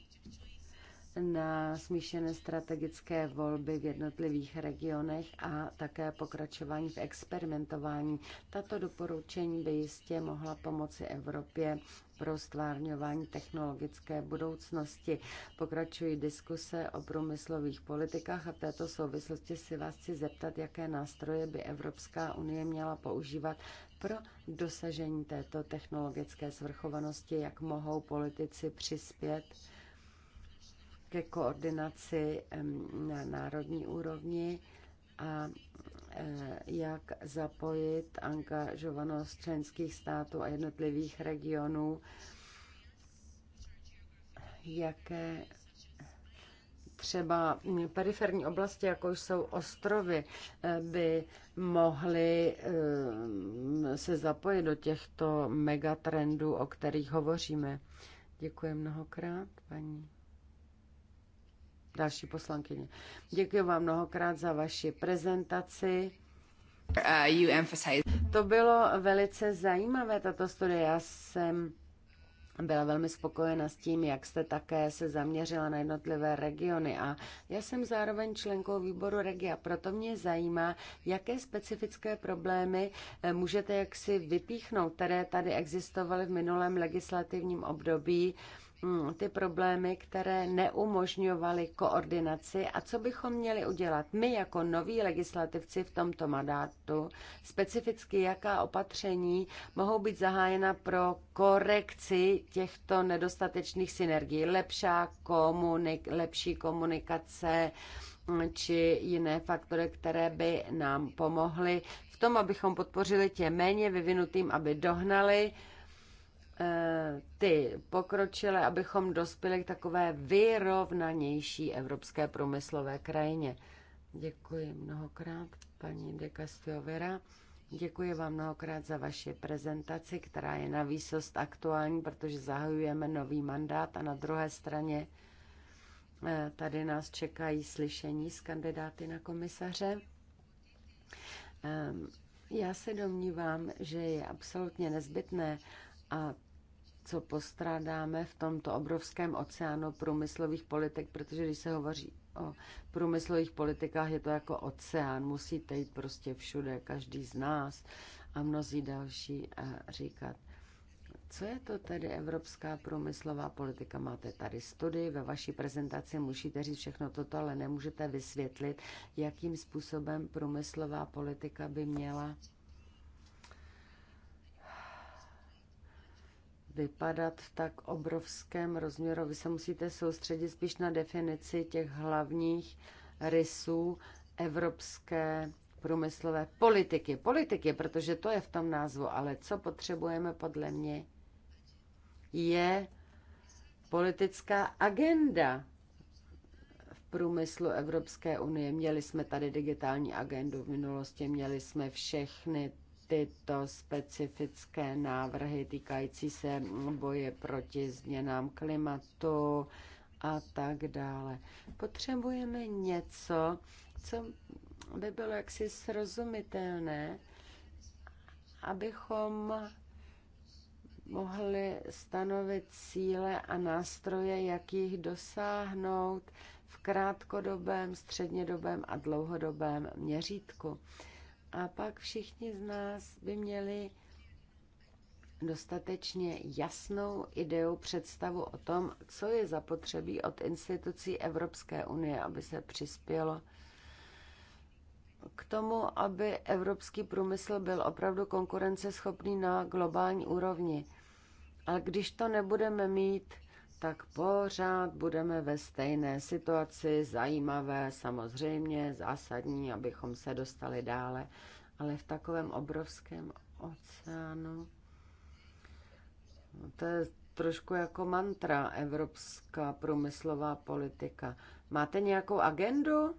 na smíšené strategické volby v jednotlivých regionech a také pokračování v experimentování. Tato doporučení by jistě mohla pomoci Evropě pro stvárňování technologické budoucnosti. Pokračují diskuse o průmyslových politikách a v této souvislosti si vás chci zeptat, jaké nástroje by Evropská unie měla používat pro dosažení této technologické svrchovanosti, jak mohou politici přispět ke koordinaci na národní úrovni a e, jak zapojit angažovanost členských států a jednotlivých regionů, jaké třeba periferní oblasti, jako jsou ostrovy, e, by mohly e, se zapojit do těchto megatrendů, o kterých hovoříme. Děkuji mnohokrát, paní další poslankyně. Děkuji vám mnohokrát za vaši prezentaci. Uh, to bylo velice zajímavé, tato studie. Já jsem byla velmi spokojena s tím, jak jste také se zaměřila na jednotlivé regiony. A já jsem zároveň členkou výboru regia, proto mě zajímá, jaké specifické problémy eh, můžete jaksi vypíchnout, které tady existovaly v minulém legislativním období, Hmm, ty problémy, které neumožňovaly koordinaci a co bychom měli udělat my jako noví legislativci v tomto mandátu, specificky jaká opatření mohou být zahájena pro korekci těchto nedostatečných synergií, lepší, komunik- lepší komunikace hmm, či jiné faktory, které by nám pomohly v tom, abychom podpořili tě méně vyvinutým, aby dohnali Eh, ty pokročily, abychom dospěli k takové vyrovnanější evropské průmyslové krajině. Děkuji mnohokrát, paní de Castiovera. Děkuji vám mnohokrát za vaši prezentaci, která je na výsost aktuální, protože zahajujeme nový mandát a na druhé straně eh, tady nás čekají slyšení s kandidáty na komisaře. Ehm, já se domnívám, že je absolutně nezbytné, a co postrádáme v tomto obrovském oceánu průmyslových politik, protože když se hovoří o průmyslových politikách, je to jako oceán, musíte jít prostě všude, každý z nás a mnozí další a eh, říkat, co je to tedy evropská průmyslová politika? Máte tady studii, ve vaší prezentaci musíte říct všechno toto, ale nemůžete vysvětlit, jakým způsobem průmyslová politika by měla vypadat v tak obrovském rozměru. Vy se musíte soustředit spíš na definici těch hlavních rysů evropské průmyslové politiky. Politiky, protože to je v tom názvu, ale co potřebujeme podle mě je politická agenda v průmyslu Evropské unie. Měli jsme tady digitální agendu v minulosti, měli jsme všechny tyto specifické návrhy týkající se boje proti změnám klimatu a tak dále. Potřebujeme něco, co by bylo jaksi srozumitelné, abychom mohli stanovit cíle a nástroje, jak jich dosáhnout v krátkodobém, střednědobém a dlouhodobém měřítku. A pak všichni z nás by měli dostatečně jasnou ideu, představu o tom, co je zapotřebí od institucí Evropské unie, aby se přispělo k tomu, aby evropský průmysl byl opravdu konkurenceschopný na globální úrovni. Ale když to nebudeme mít, tak pořád budeme ve stejné situaci, zajímavé, samozřejmě, zásadní, abychom se dostali dále, ale v takovém obrovském oceánu. No, to je trošku jako mantra evropská průmyslová politika. Máte nějakou agendu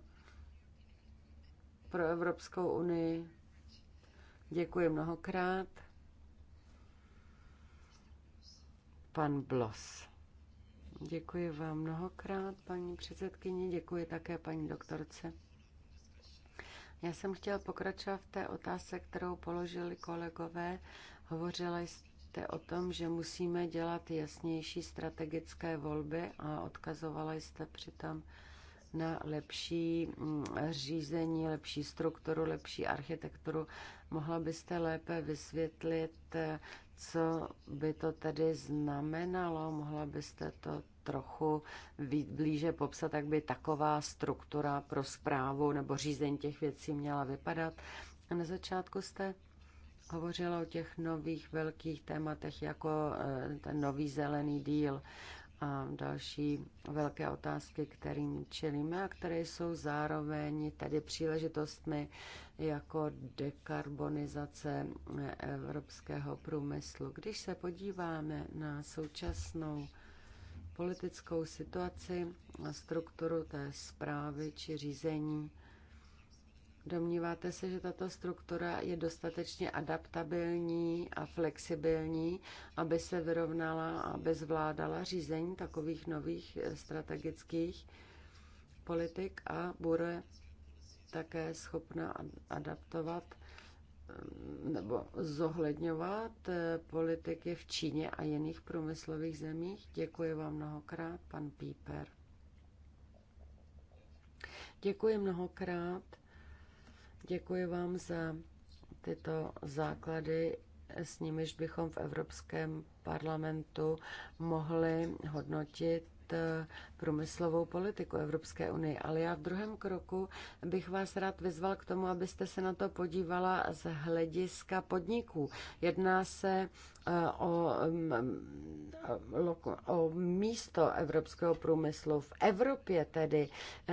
pro Evropskou unii? Děkuji mnohokrát. Pan Bloss. Děkuji vám mnohokrát, paní předsedkyně, děkuji také paní doktorce. Já jsem chtěla pokračovat v té otázce, kterou položili kolegové. Hovořila jste o tom, že musíme dělat jasnější strategické volby a odkazovala jste přitom na lepší mm, řízení, lepší strukturu, lepší architekturu. Mohla byste lépe vysvětlit co by to tedy znamenalo? Mohla byste to trochu blíže popsat, jak by taková struktura pro zprávu nebo řízení těch věcí měla vypadat? A na začátku jste hovořila o těch nových velkých tématech, jako eh, ten nový zelený díl a další velké otázky, kterým čelíme a které jsou zároveň tedy příležitostmi jako dekarbonizace evropského průmyslu. Když se podíváme na současnou politickou situaci a strukturu té zprávy či řízení, Domníváte se, že tato struktura je dostatečně adaptabilní a flexibilní, aby se vyrovnala a aby zvládala řízení takových nových eh, strategických politik a bude také schopna adaptovat mm, nebo zohledňovat eh, politiky v Číně a jiných průmyslových zemích. Děkuji vám mnohokrát, pan Píper. Děkuji mnohokrát. Děkuji vám za tyto základy, s nimiž bychom v Evropském parlamentu mohli hodnotit Eh, průmyslovou politiku Evropské unie. Ale já v druhém kroku bych vás rád vyzval k tomu, abyste se na to podívala z hlediska podniků. Jedná se eh, o, mm, eh, o místo evropského průmyslu v Evropě tedy,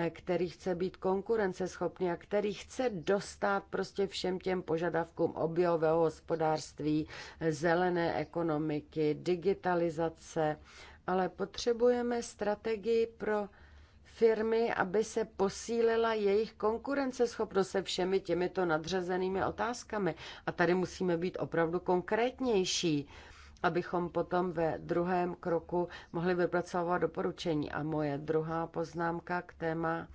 který chce být konkurenceschopný a který chce dostat prostě všem těm požadavkům objevového hospodářství, zelené ekonomiky, digitalizace, ale potřebujeme strategii pro firmy, aby se posílila jejich konkurenceschopnost se všemi těmito nadřazenými otázkami. A tady musíme být opravdu konkrétnější, abychom potom ve druhém kroku mohli vypracovat doporučení. A moje druhá poznámka k téma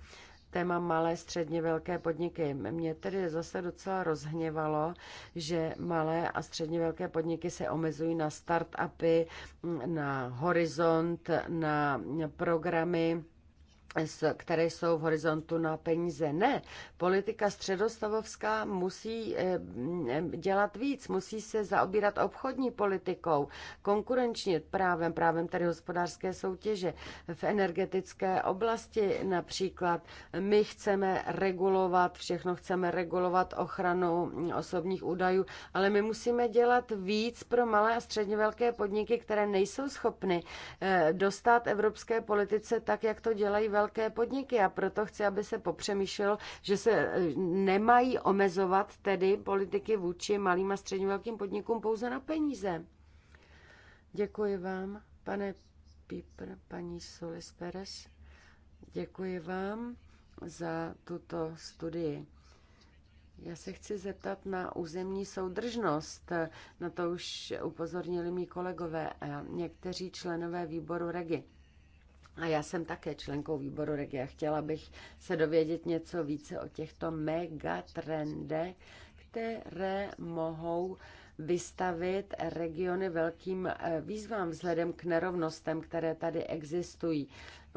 téma malé, středně velké podniky. Mě tedy zase docela rozhněvalo, že malé a středně velké podniky se omezují na start-upy, na horizont, na programy které jsou v horizontu na peníze. Ne, politika středostavovská musí eh, eh, dělat víc, musí se zaobírat obchodní politikou, konkurenčně právem, právem tedy hospodářské soutěže. V energetické oblasti například my chceme regulovat, všechno chceme regulovat ochranu hm, osobních údajů, ale my musíme dělat víc pro malé a středně velké podniky, které nejsou schopny eh, dostat evropské politice tak, jak to dělají velké velké podniky a proto chci, aby se popřemýšlelo, že se eh, nemají omezovat tedy politiky vůči malým a středním velkým podnikům pouze na peníze. Děkuji vám, pane Pípr, paní Solis Perez. Děkuji vám za tuto studii. Já se chci zeptat na územní soudržnost. Na to už upozornili mý kolegové a někteří členové výboru REGI. A já jsem také členkou výboru regia. Chtěla bych se dovědět něco více o těchto megatrendech, které mohou vystavit regiony velkým eh, výzvám vzhledem k nerovnostem, které tady existují.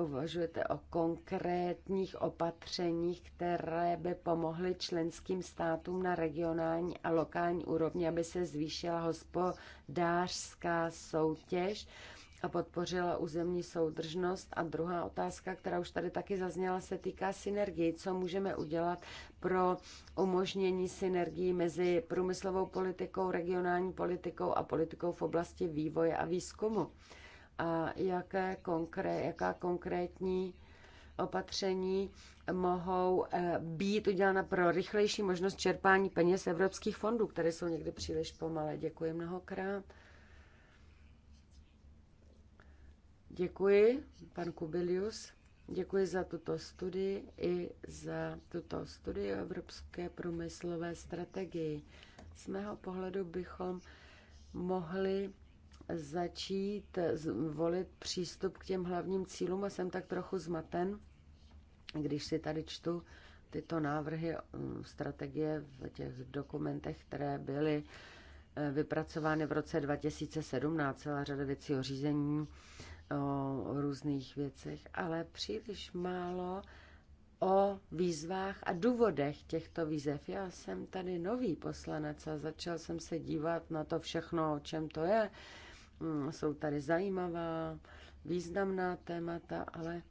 Uvažujete o konkrétních opatřeních, které by pomohly členským státům na regionální a lokální úrovni, aby se zvýšila hospodářská soutěž a podpořila územní soudržnost. A druhá otázka, která už tady taky zazněla, se týká synergii. Co můžeme udělat pro umožnění synergii mezi průmyslovou politikou, regionální politikou a politikou v oblasti vývoje a výzkumu? A jaké konkré, jaká konkrétní opatření mohou eh, být udělána pro rychlejší možnost čerpání peněz evropských fondů, které jsou někdy příliš pomalé. Děkuji mnohokrát. Děkuji, pan Kubilius. Děkuji za tuto studii i za tuto studii Evropské průmyslové strategii. Z mého pohledu bychom mohli začít volit přístup k těm hlavním cílům a jsem tak trochu zmaten, když si tady čtu tyto návrhy mm, strategie v těch dokumentech, které byly eh, vypracovány v roce 2017, celá řada věcí o řízení o různých věcech, ale příliš málo o výzvách a důvodech těchto výzev. Já jsem tady nový poslanec a začal jsem se dívat na to všechno, o čem to je. Mm, jsou tady zajímavá, významná témata, ale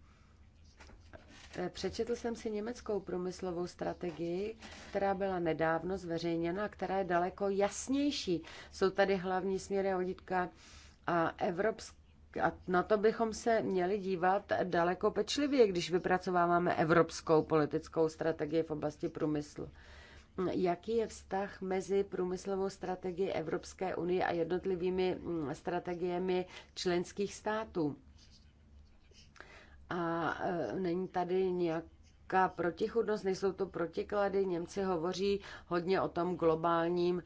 eh, Přečetl jsem si německou průmyslovou strategii, která byla nedávno zveřejněna, která je daleko jasnější. Jsou tady hlavní směry a a evropské a na to bychom se měli dívat daleko pečlivě, když vypracováváme evropskou politickou strategii v oblasti průmyslu. Jaký je vztah mezi průmyslovou strategií Evropské unie a jednotlivými mm, strategiemi členských států? A e, není tady nějak protichudnost, nejsou to protiklady. Němci hovoří hodně o tom globálním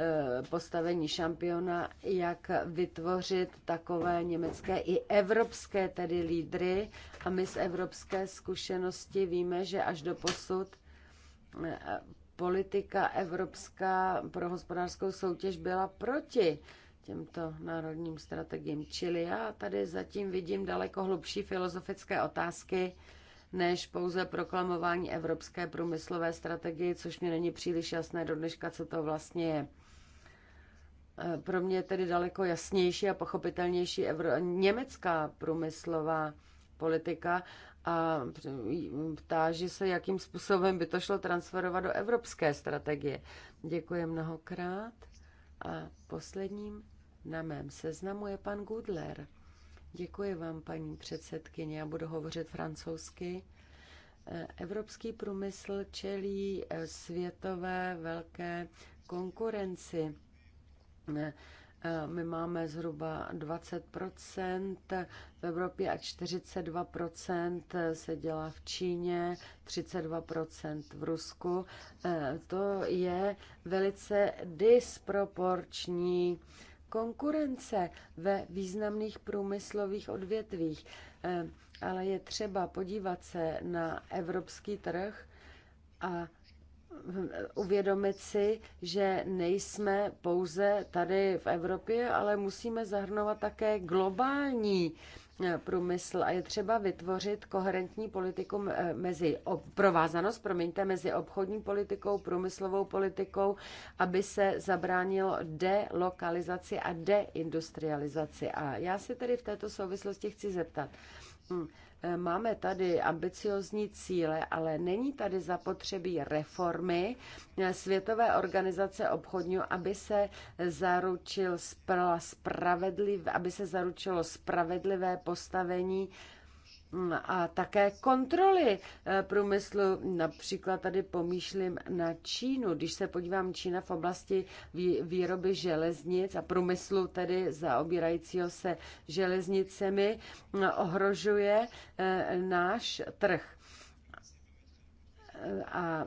Eh, postavení šampiona, jak vytvořit takové německé i evropské tedy lídry. A my z evropské zkušenosti víme, že až do posud eh, politika evropská pro hospodářskou soutěž byla proti těmto národním strategiím. Čili já tady zatím vidím daleko hlubší filozofické otázky než pouze proklamování evropské průmyslové strategie, což mi není příliš jasné do dneška, co to vlastně je. Eh, pro mě je tedy daleko jasnější a pochopitelnější evro- německá průmyslová politika a ptáži se, jakým způsobem by to šlo transferovat do evropské strategie. Děkuji mnohokrát. A posledním na mém seznamu je pan Gudler. Děkuji vám, paní předsedkyně. Já budu hovořit francouzsky. Eh, evropský průmysl čelí eh, světové velké konkurenci Eh, my máme zhruba 20 v Evropě a 42 se dělá v Číně, 32 v Rusku. Eh, to je velice disproporční konkurence ve významných průmyslových odvětvích. Eh, ale je třeba podívat se na evropský trh a uvědomit si, že nejsme pouze tady v Evropě, ale musíme zahrnovat také globální eh, průmysl a je třeba vytvořit koherentní politiku eh, mezi provázanost, promiňte, mezi obchodní politikou, průmyslovou politikou, aby se zabránilo delokalizaci a deindustrializaci. A já si tedy v této souvislosti chci zeptat, hm, Eh, máme tady ambiciozní cíle, ale není tady zapotřebí reformy eh, Světové organizace obchodního, aby se zaručil spravedliv, aby se zaručilo spravedlivé postavení Mm, a také kontroly eh, průmyslu. Například tady pomýšlím na Čínu. Když se podívám Čína v oblasti výroby železnic a průmyslu tedy zaobírajícího se železnicemi, mm, ohrožuje eh, náš trh. Eh, a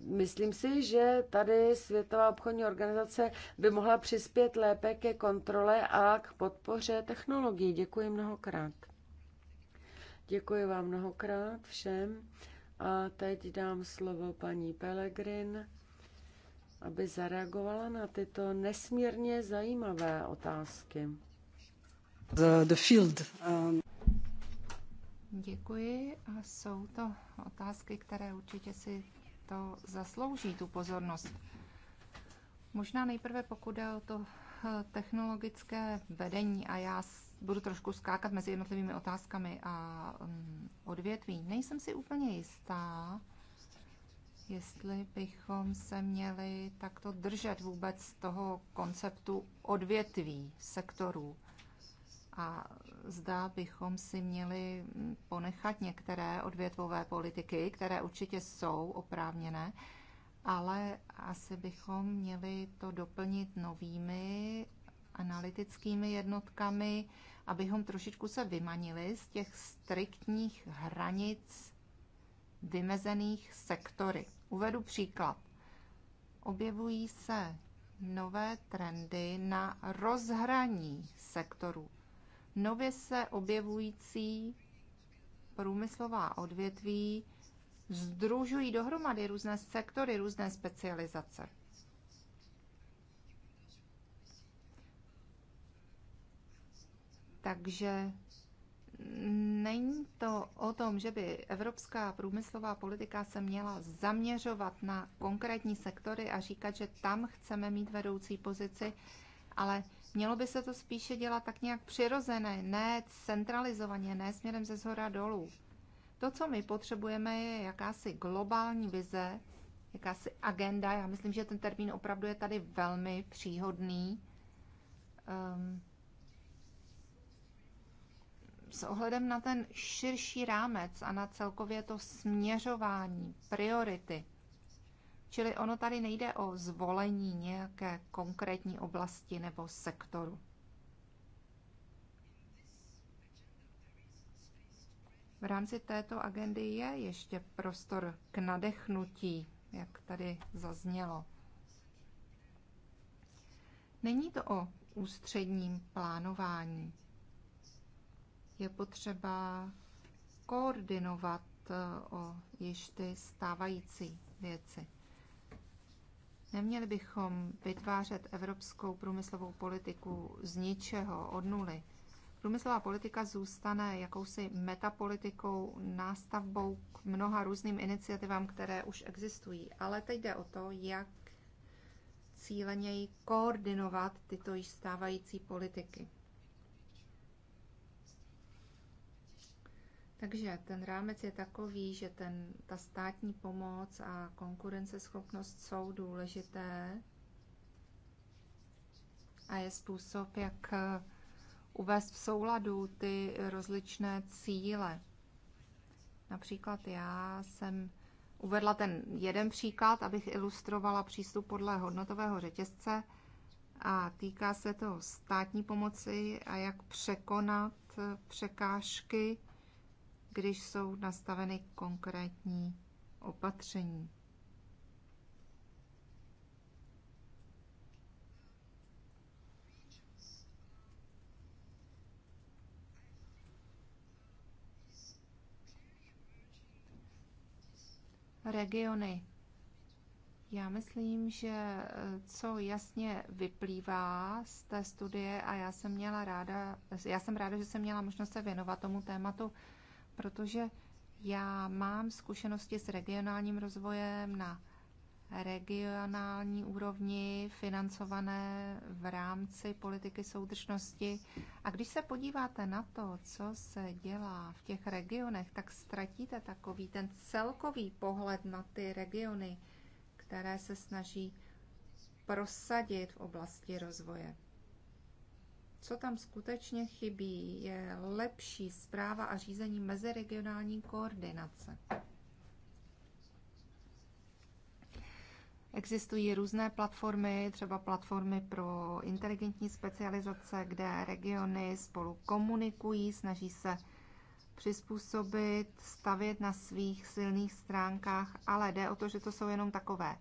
myslím si, že tady Světová obchodní organizace by mohla přispět lépe ke kontrole a k podpoře technologií. Děkuji mnohokrát. Děkuji vám mnohokrát všem a teď dám slovo paní Pelegrin, aby zareagovala na tyto nesmírně zajímavé otázky. The, the field. Um... Děkuji a jsou to otázky, které určitě si to zaslouží, tu pozornost. Možná nejprve pokud jde o to eh, technologické vedení a já budu trošku skákat mezi jednotlivými otázkami a mm, odvětví. Nejsem si úplně jistá, jestli bychom se měli takto držet vůbec toho konceptu odvětví sektorů. A zdá bychom si měli mm, ponechat některé odvětvové politiky, které určitě jsou oprávněné, ale asi bychom měli to doplnit novými analytickými jednotkami, abychom trošičku se vymanili z těch striktních hranic vymezených sektory. Uvedu příklad. Objevují se nové trendy na rozhraní sektorů. Nově se objevující průmyslová odvětví združují dohromady různé sektory, různé specializace. Takže není to o tom, že by evropská průmyslová politika se měla zaměřovat na konkrétní sektory a říkat, že tam chceme mít vedoucí pozici, ale mělo by se to spíše dělat tak nějak přirozené, ne centralizovaně, ne směrem ze zhora dolů. To, co my potřebujeme, je jakási globální vize, jakási agenda. Já myslím, že ten termín opravdu je tady velmi příhodný. Um, s ohledem na ten širší rámec a na celkově to směřování, priority, čili ono tady nejde o zvolení nějaké konkrétní oblasti nebo sektoru. V rámci této agendy je ještě prostor k nadechnutí, jak tady zaznělo. Není to o ústředním plánování, je potřeba koordinovat eh, o již ty stávající věci. Neměli bychom vytvářet evropskou průmyslovou politiku z ničeho, od nuly. Průmyslová politika zůstane jakousi metapolitikou, nástavbou k mnoha různým iniciativám, které už existují. Ale teď jde o to, jak cíleněji koordinovat tyto již stávající politiky. Takže ten rámec je takový, že ten, ta státní pomoc a konkurenceschopnost jsou důležité a je způsob, jak eh, uvést v souladu ty rozličné cíle. Například já jsem uvedla ten jeden příklad, abych ilustrovala přístup podle hodnotového řetězce a týká se to státní pomoci a jak překonat eh, překážky když jsou nastaveny konkrétní opatření. regiony. Já myslím, že eh, co jasně vyplývá z té studie a já jsem měla ráda, já jsem ráda, že jsem měla možnost se věnovat tomu tématu protože já mám zkušenosti s regionálním rozvojem na regionální úrovni financované v rámci politiky soudržnosti. A když se podíváte na to, co se dělá v těch regionech, tak ztratíte takový ten celkový pohled na ty regiony, které se snaží prosadit v oblasti rozvoje. Co tam skutečně chybí, je lepší zpráva a řízení meziregionální koordinace. Existují různé platformy, třeba platformy pro inteligentní specializace, kde regiony spolu komunikují, snaží se přizpůsobit, stavět na svých silných stránkách, ale jde o to, že to jsou jenom takové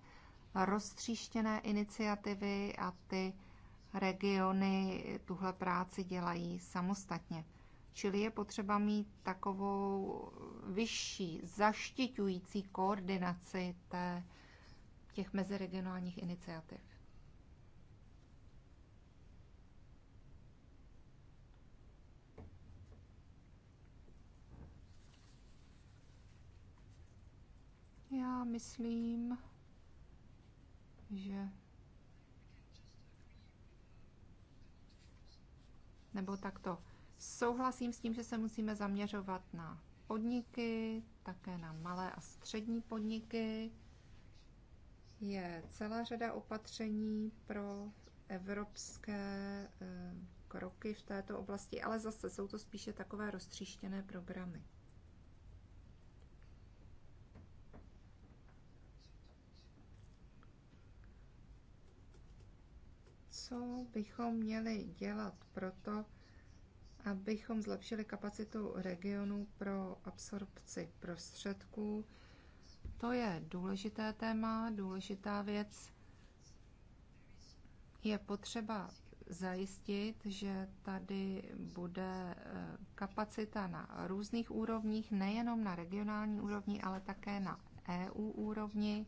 roztříštěné iniciativy a ty regiony tuhle práci dělají samostatně. Čili je potřeba mít takovou vyšší, zaštiťující koordinaci té, těch meziregionálních iniciativ. Já myslím, že Nebo takto. Souhlasím s tím, že se musíme zaměřovat na podniky, také na malé a střední podniky. Je celá řada opatření pro evropské eh, kroky v této oblasti, ale zase jsou to spíše takové roztříštěné programy. co bychom měli dělat pro to, abychom zlepšili kapacitu regionu pro absorpci prostředků. To je důležité téma, důležitá věc. Je potřeba zajistit, že tady bude eh, kapacita na různých úrovních, nejenom na regionální úrovni, ale také na EU úrovni.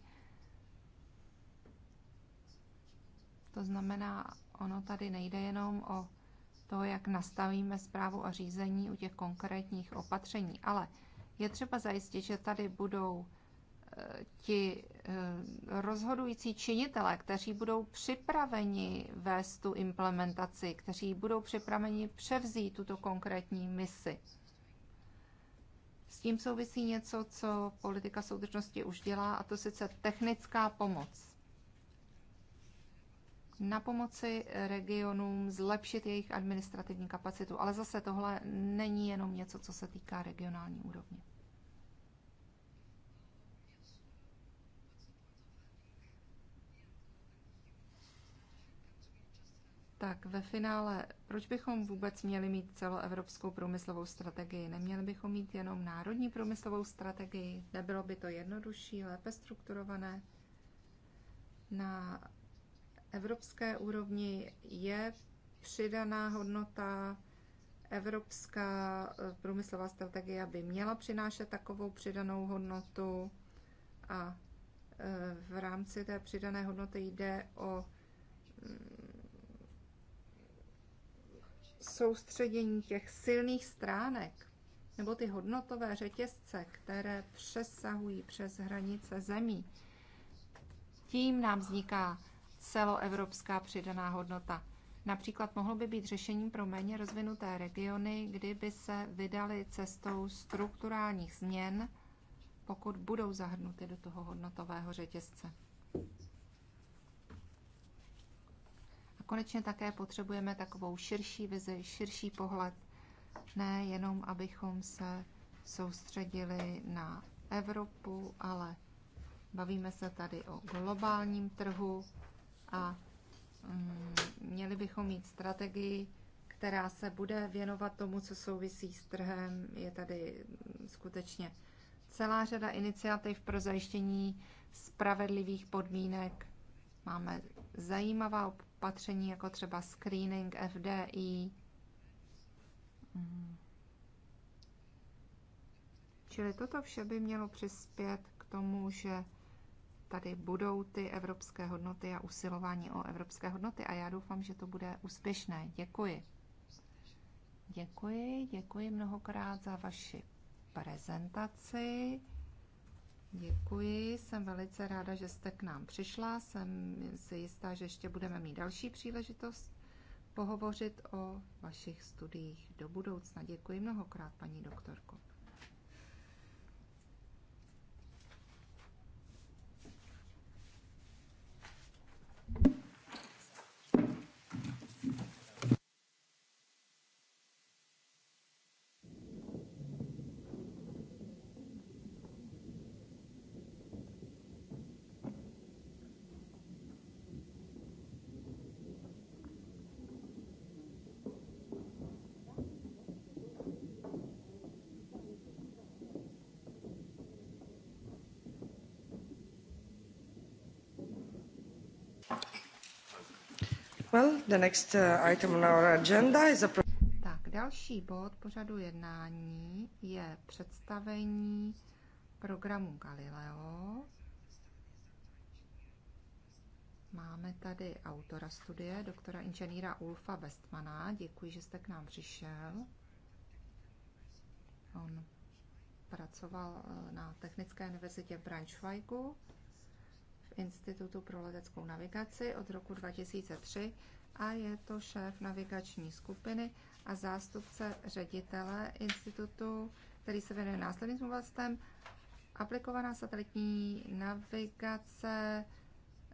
To znamená, ono tady nejde jenom o to, jak nastavíme zprávu a řízení u těch konkrétních opatření, ale je třeba zajistit, že tady budou eh, ti eh, rozhodující činitelé, kteří budou připraveni vést tu implementaci, kteří budou připraveni převzít tuto konkrétní misi. S tím souvisí něco, co politika soudržnosti už dělá, a to sice technická pomoc na pomoci regionům zlepšit jejich administrativní kapacitu. Ale zase tohle není jenom něco, co se týká regionální úrovně. Tak ve finále, proč bychom vůbec měli mít celoevropskou průmyslovou strategii? Neměli bychom mít jenom národní průmyslovou strategii? Nebylo by to jednodušší, lépe strukturované? Na evropské úrovni je přidaná hodnota. Evropská eh, průmyslová strategie by měla přinášet takovou přidanou hodnotu a eh, v rámci té přidané hodnoty jde o mm, soustředění těch silných stránek nebo ty hodnotové řetězce, které přesahují přes hranice zemí. Tím nám vzniká celoevropská přidaná hodnota. Například mohlo by být řešením pro méně rozvinuté regiony, kdyby se vydali cestou strukturálních změn, pokud budou zahrnuty do toho hodnotového řetězce. A konečně také potřebujeme takovou širší vizi, širší pohled, ne jenom abychom se soustředili na Evropu, ale bavíme se tady o globálním trhu, a mm, měli bychom mít strategii, která se bude věnovat tomu, co souvisí s trhem. Je tady skutečně celá řada iniciativ pro zajištění spravedlivých podmínek. Máme zajímavá opatření, jako třeba screening FDI. Mm. Čili toto vše by mělo přispět k tomu, že tady budou ty evropské hodnoty a usilování o evropské hodnoty a já doufám, že to bude úspěšné. Děkuji. Děkuji, děkuji mnohokrát za vaši prezentaci. Děkuji, jsem velice ráda, že jste k nám přišla. Jsem si jistá, že ještě budeme mít další příležitost pohovořit o vašich studiích do budoucna. Děkuji mnohokrát, paní doktorko. Well, the next uh, item on our agenda is a... Tak, další bod pořadu jednání je představení programu Galileo. Máme tady autora studie, doktora inženýra Ulfa Westmana. Děkuji, že jste k nám přišel. On pracoval uh, na Technické univerzitě v Braunschweigu Institutu pro leteckou navigaci od roku 2003 a je to šéf navigační skupiny a zástupce ředitele institutu, který se věnuje následným oblastem, aplikovaná satelitní navigace,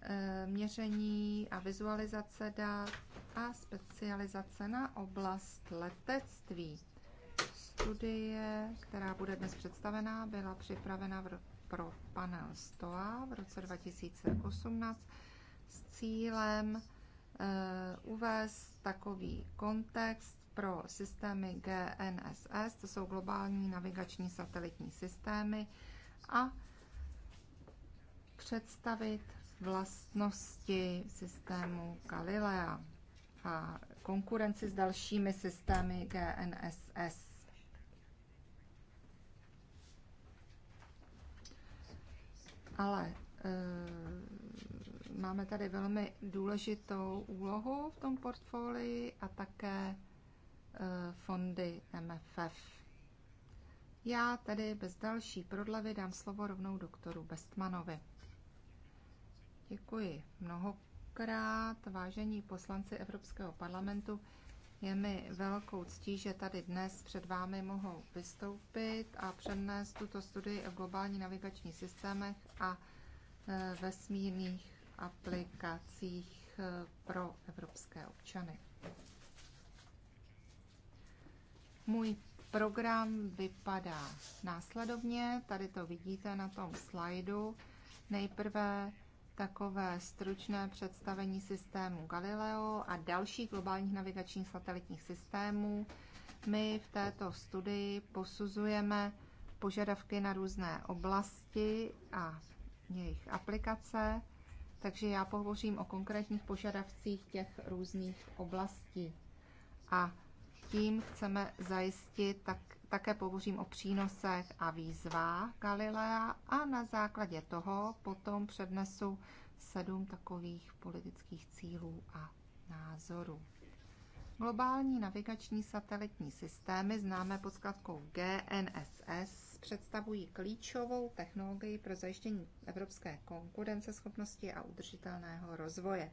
eh, měření a vizualizace dat a specializace na oblast letectví. Studie, která bude dnes představená, byla připravena v roce pro panel STOA v roce 2018 s cílem eh, uvést takový kontext pro systémy GNSS, to jsou globální navigační satelitní systémy, a představit vlastnosti systému Galilea a konkurenci s dalšími systémy GNSS. Ale eh, máme tady velmi důležitou úlohu v tom portfolii a také eh, fondy MFF. Já tedy bez další prodlevy dám slovo rovnou doktoru Bestmanovi. Děkuji mnohokrát, vážení poslanci Evropského parlamentu. Je mi velkou ctí, že tady dnes před vámi mohou vystoupit a přednést tuto studii o globální navigační systémech a e, vesmírných aplikacích e, pro evropské občany. Můj program vypadá následovně, tady to vidíte na tom slajdu. Nejprve takové stručné představení systému Galileo a dalších globálních navigačních satelitních systémů. My v této studii posuzujeme požadavky na různé oblasti a jejich aplikace, takže já pohovořím o konkrétních požadavcích těch různých oblastí. A tím chceme zajistit tak také pohovořím o přínosech a výzvách Galilea a na základě toho potom přednesu sedm takových politických cílů a názorů. Globální navigační satelitní systémy, známé pod zkratkou GNSS, představují klíčovou technologii pro zajištění evropské konkurenceschopnosti a udržitelného rozvoje.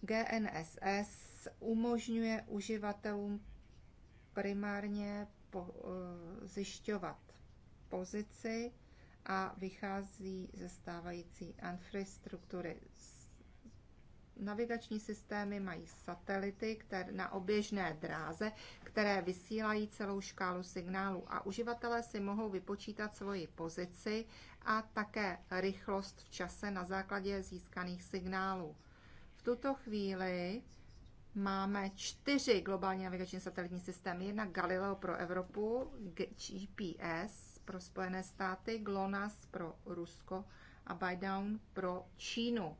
GNSS umožňuje uživatelům primárně po, eh, zjišťovat pozici a vychází ze stávající infrastruktury. Navigační systémy mají satelity které, na oběžné dráze, které vysílají celou škálu signálů a uživatelé si mohou vypočítat svoji pozici a také rychlost v čase na základě získaných signálů. V tuto chvíli máme čtyři globální navigační satelitní systémy. Jedna Galileo pro Evropu, GPS pro Spojené státy, GLONASS pro Rusko a Bydown pro Čínu.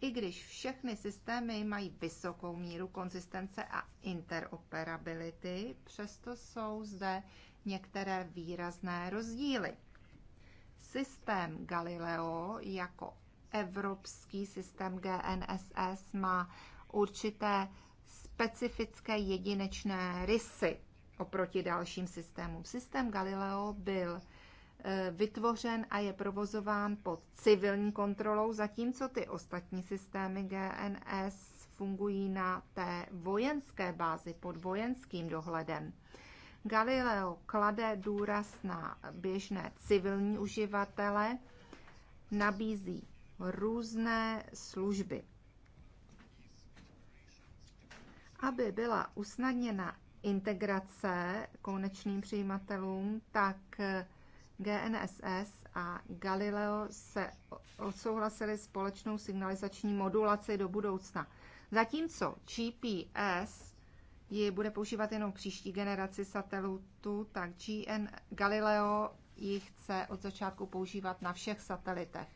I když všechny systémy mají vysokou míru konzistence a interoperability, přesto jsou zde některé výrazné rozdíly. Systém Galileo jako evropský systém GNSS má určité specifické jedinečné rysy oproti dalším systémům. Systém Galileo byl e, vytvořen a je provozován pod civilní kontrolou, zatímco ty ostatní systémy GNS fungují na té vojenské bázi pod vojenským dohledem. Galileo klade důraz na běžné civilní uživatele, nabízí různé služby. Aby byla usnadněna integrace konečným přijímatelům, tak GNSS a Galileo se odsouhlasili společnou signalizační modulaci do budoucna. Zatímco GPS ji bude používat jenom příští generaci satelitů, tak GN Galileo ji chce od začátku používat na všech satelitech.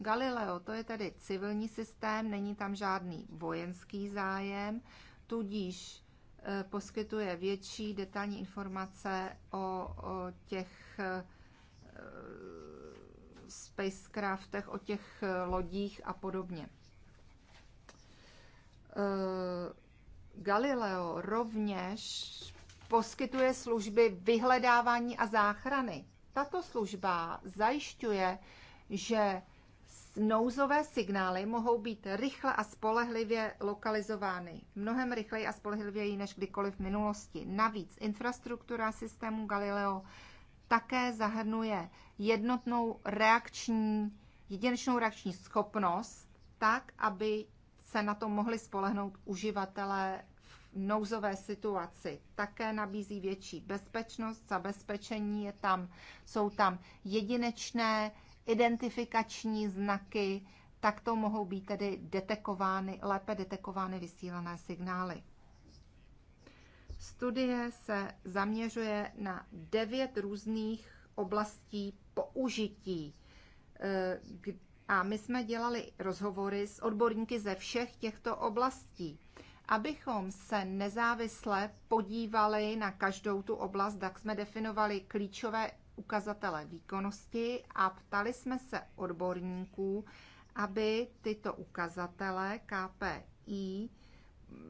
Galileo to je tedy civilní systém, není tam žádný vojenský zájem, tudíž e, poskytuje větší detailní informace o, o těch e, spacecraftech, o těch e, lodích a podobně. Galileo rovněž poskytuje služby vyhledávání a záchrany. Tato služba zajišťuje, že Nouzové signály mohou být rychle a spolehlivě lokalizovány, mnohem rychleji a spolehlivěji než kdykoliv v minulosti. Navíc infrastruktura systému Galileo také zahrnuje jednotnou reakční, jedinečnou reakční schopnost, tak, aby se na to mohli spolehnout uživatelé v nouzové situaci. Také nabízí větší bezpečnost, zabezpečení je tam, jsou tam jedinečné identifikační znaky, tak to mohou být tedy detekovány, lépe detekovány vysílané signály. Studie se zaměřuje na devět různých oblastí použití. Eh, a my jsme dělali rozhovory s odborníky ze všech těchto oblastí. Abychom se nezávisle podívali na každou tu oblast, tak jsme definovali klíčové ukazatele výkonnosti a ptali jsme se odborníků, aby tyto ukazatele KPI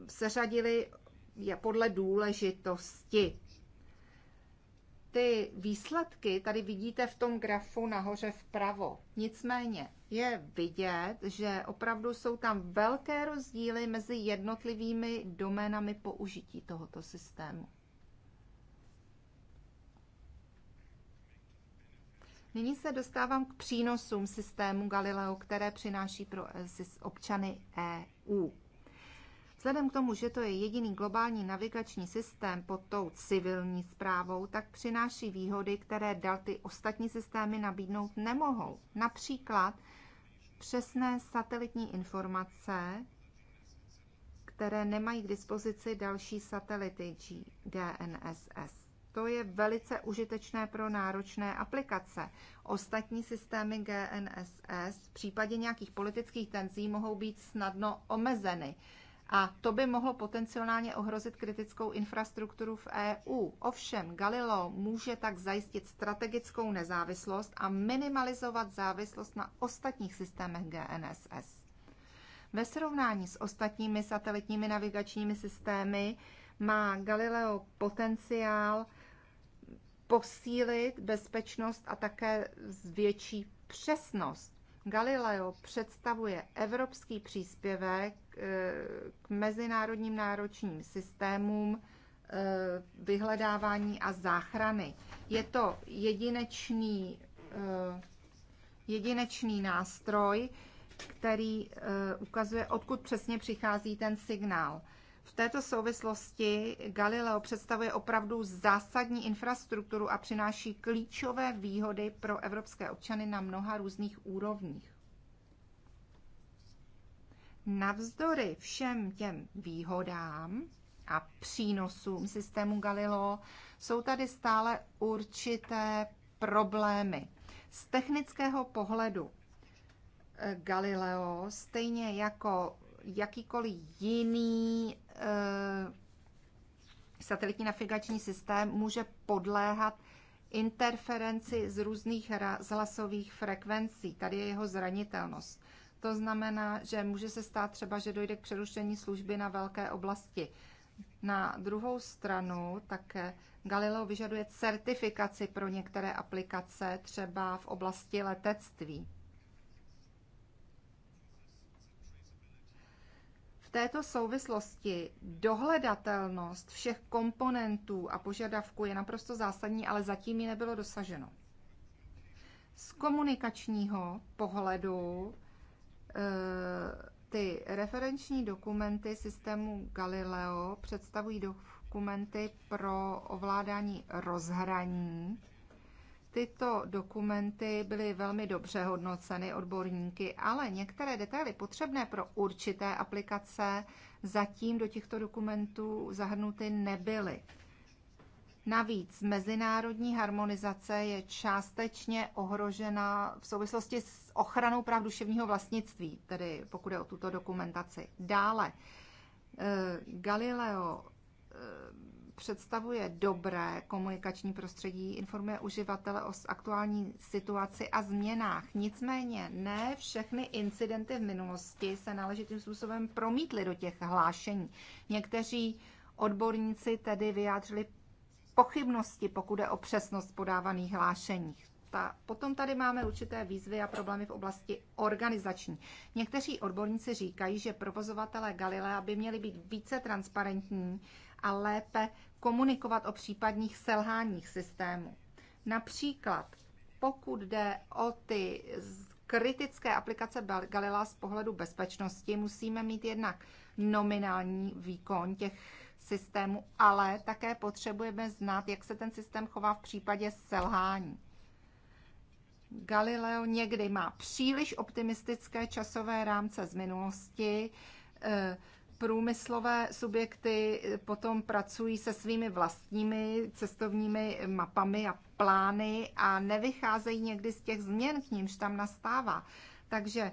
seřadili je podle důležitosti. Ty výsledky tady vidíte v tom grafu nahoře vpravo. Nicméně je vidět, že opravdu jsou tam velké rozdíly mezi jednotlivými doménami použití tohoto systému. Nyní se dostávám k přínosům systému Galileo, které přináší pro eh, občany EU. Vzhledem k tomu, že to je jediný globální navigační systém pod tou civilní zprávou, tak přináší výhody, které dal ty ostatní systémy nabídnout nemohou. Například přesné satelitní informace, které nemají k dispozici další satelity GNSS. To je velice užitečné pro náročné aplikace. Ostatní systémy GNSS v případě nějakých politických tenzí mohou být snadno omezeny. A to by mohlo potenciálně ohrozit kritickou infrastrukturu v EU. Ovšem, Galileo může tak zajistit strategickou nezávislost a minimalizovat závislost na ostatních systémech GNSS. Ve srovnání s ostatními satelitními navigačními systémy má Galileo potenciál posílit bezpečnost a také zvětší přesnost. Galileo představuje evropský příspěvek eh, k mezinárodním náročním systémům eh, vyhledávání a záchrany. Je to jedinečný, eh, jedinečný nástroj, který ukazuje, odkud přesně přichází ten signál. V této souvislosti Galileo představuje opravdu zásadní infrastrukturu a přináší klíčové výhody pro evropské občany na mnoha různých úrovních. Navzdory všem těm výhodám a přínosům systému Galileo jsou tady stále určité problémy. Z technického pohledu eh, Galileo, stejně jako jakýkoliv jiný eh, satelitní navigační systém může podléhat interferenci z různých zhlasových frekvencí. Tady je jeho zranitelnost. To znamená, že může se stát třeba, že dojde k přerušení služby na velké oblasti. Na druhou stranu také Galileo vyžaduje certifikaci pro některé aplikace, třeba v oblasti letectví. této souvislosti dohledatelnost všech komponentů a požadavků je naprosto zásadní, ale zatím ji nebylo dosaženo. Z komunikačního pohledu eh, ty referenční dokumenty systému Galileo představují dokumenty pro ovládání rozhraní Tyto dokumenty byly velmi dobře hodnoceny odborníky, ale některé detaily potřebné pro určité aplikace zatím do těchto dokumentů zahrnuty nebyly. Navíc mezinárodní harmonizace je částečně ohrožena v souvislosti s ochranou práv duševního vlastnictví, tedy pokud je o tuto dokumentaci. Dále, eh, Galileo eh, představuje dobré komunikační prostředí, informuje uživatele o aktuální situaci a změnách. Nicméně ne všechny incidenty v minulosti se náležitým způsobem promítly do těch hlášení. Někteří odborníci tedy vyjádřili pochybnosti, pokud je o přesnost podávaných hlášení. Ta, potom tady máme určité výzvy a problémy v oblasti organizační. Někteří odborníci říkají, že provozovatelé Galilea by měli být více transparentní a lépe komunikovat o případních selháních systému. Například, pokud jde o ty kritické aplikace Galila z pohledu bezpečnosti, musíme mít jednak nominální výkon těch systémů, ale také potřebujeme znát, jak se ten systém chová v případě selhání. Galileo někdy má příliš optimistické časové rámce z minulosti, eh, průmyslové subjekty potom pracují se svými vlastními cestovními mapami a plány a nevycházejí někdy z těch změn, k nímž tam nastává. Takže e,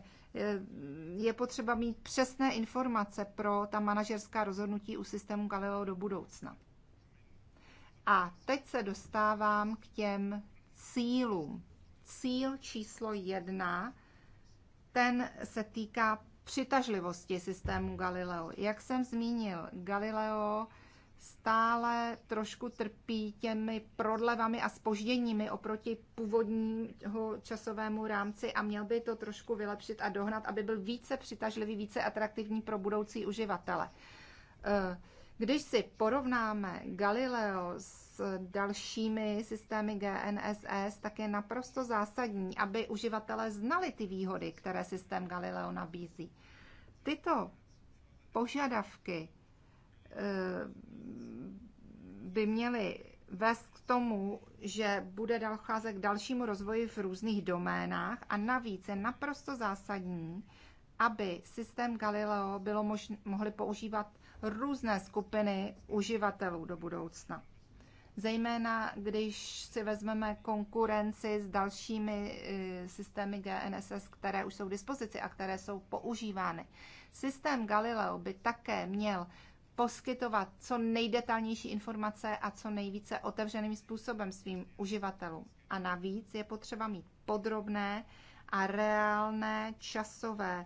je potřeba mít přesné informace pro ta manažerská rozhodnutí u systému Galileo do budoucna. A teď se dostávám k těm cílům. Cíl číslo jedna, ten se týká přitažlivosti systému Galileo. Jak jsem zmínil, Galileo stále trošku trpí těmi prodlevami a spožděními oproti původního časovému rámci a měl by to trošku vylepšit a dohnat, aby byl více přitažlivý, více atraktivní pro budoucí uživatele. Eh, když si porovnáme Galileo s dalšími systémy GNSS, tak je naprosto zásadní, aby uživatelé znali ty výhody, které systém Galileo nabízí tyto požadavky eh, by měly vést k tomu, že bude docházet k dalšímu rozvoji v různých doménách a navíc je naprosto zásadní, aby systém Galileo bylo mož- mohly používat různé skupiny uživatelů do budoucna zejména když si vezmeme konkurenci s dalšími eh, systémy GNSS, které už jsou k dispozici a které jsou používány. Systém Galileo by také měl poskytovat co nejdetalnější informace a co nejvíce otevřeným způsobem svým uživatelům. A navíc je potřeba mít podrobné a reálné časové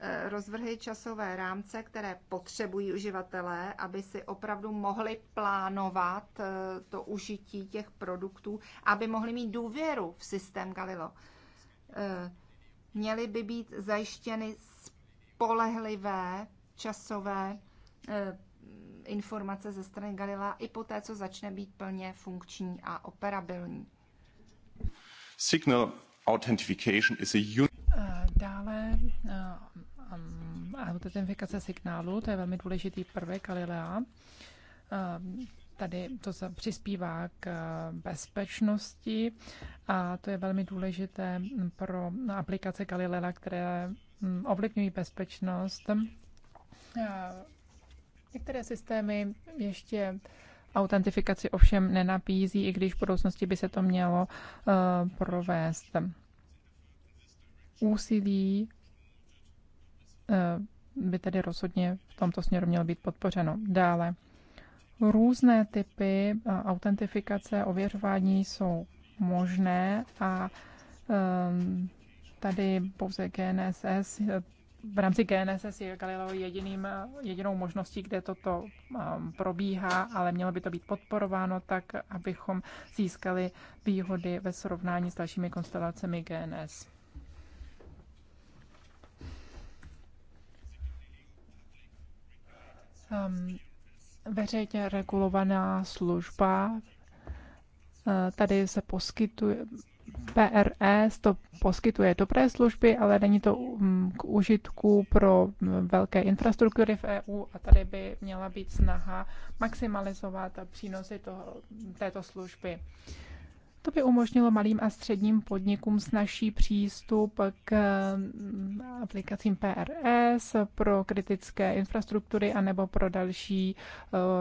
Eh, rozvrhy časové rámce, které potřebují uživatelé, aby si opravdu mohli plánovat eh, to užití těch produktů, aby mohli mít důvěru v systém Galileo. Eh, měly by být zajištěny spolehlivé časové informace ze strany Galila i po té, co začne být plně funkční a operabilní. Signal authentication is a Dále eh, autentifikace signálu, to je velmi důležitý prvek Galilea. Eh, tady to přispívá k eh, bezpečnosti a to je velmi důležité pro aplikace Galilea, které hm, ovlivňují bezpečnost. Některé systémy ještě autentifikaci ovšem nenapízí, i když v budoucnosti by se to mělo provést úsilí eh, by tedy rozhodně v tomto směru mělo být podpořeno. Dále, různé typy eh, autentifikace, ověřování jsou možné a ehm, tady pouze GNSS, v rámci GNSS je Galileo jediným, jedinou možností, kde toto ehm, probíhá, ale mělo by to být podporováno tak, abychom získali výhody ve srovnání s dalšími konstelacemi GNS. Ehm, veřejně regulovaná služba. Ehm, tady se poskytuje, PRS to poskytuje dobré služby, ale není to ehm, k užitku pro velké infrastruktury v EU a tady by měla být snaha maximalizovat přínosy toho, této služby. To by umožnilo malým a středním podnikům snažší přístup k mm, aplikacím PRS pro kritické infrastruktury anebo pro další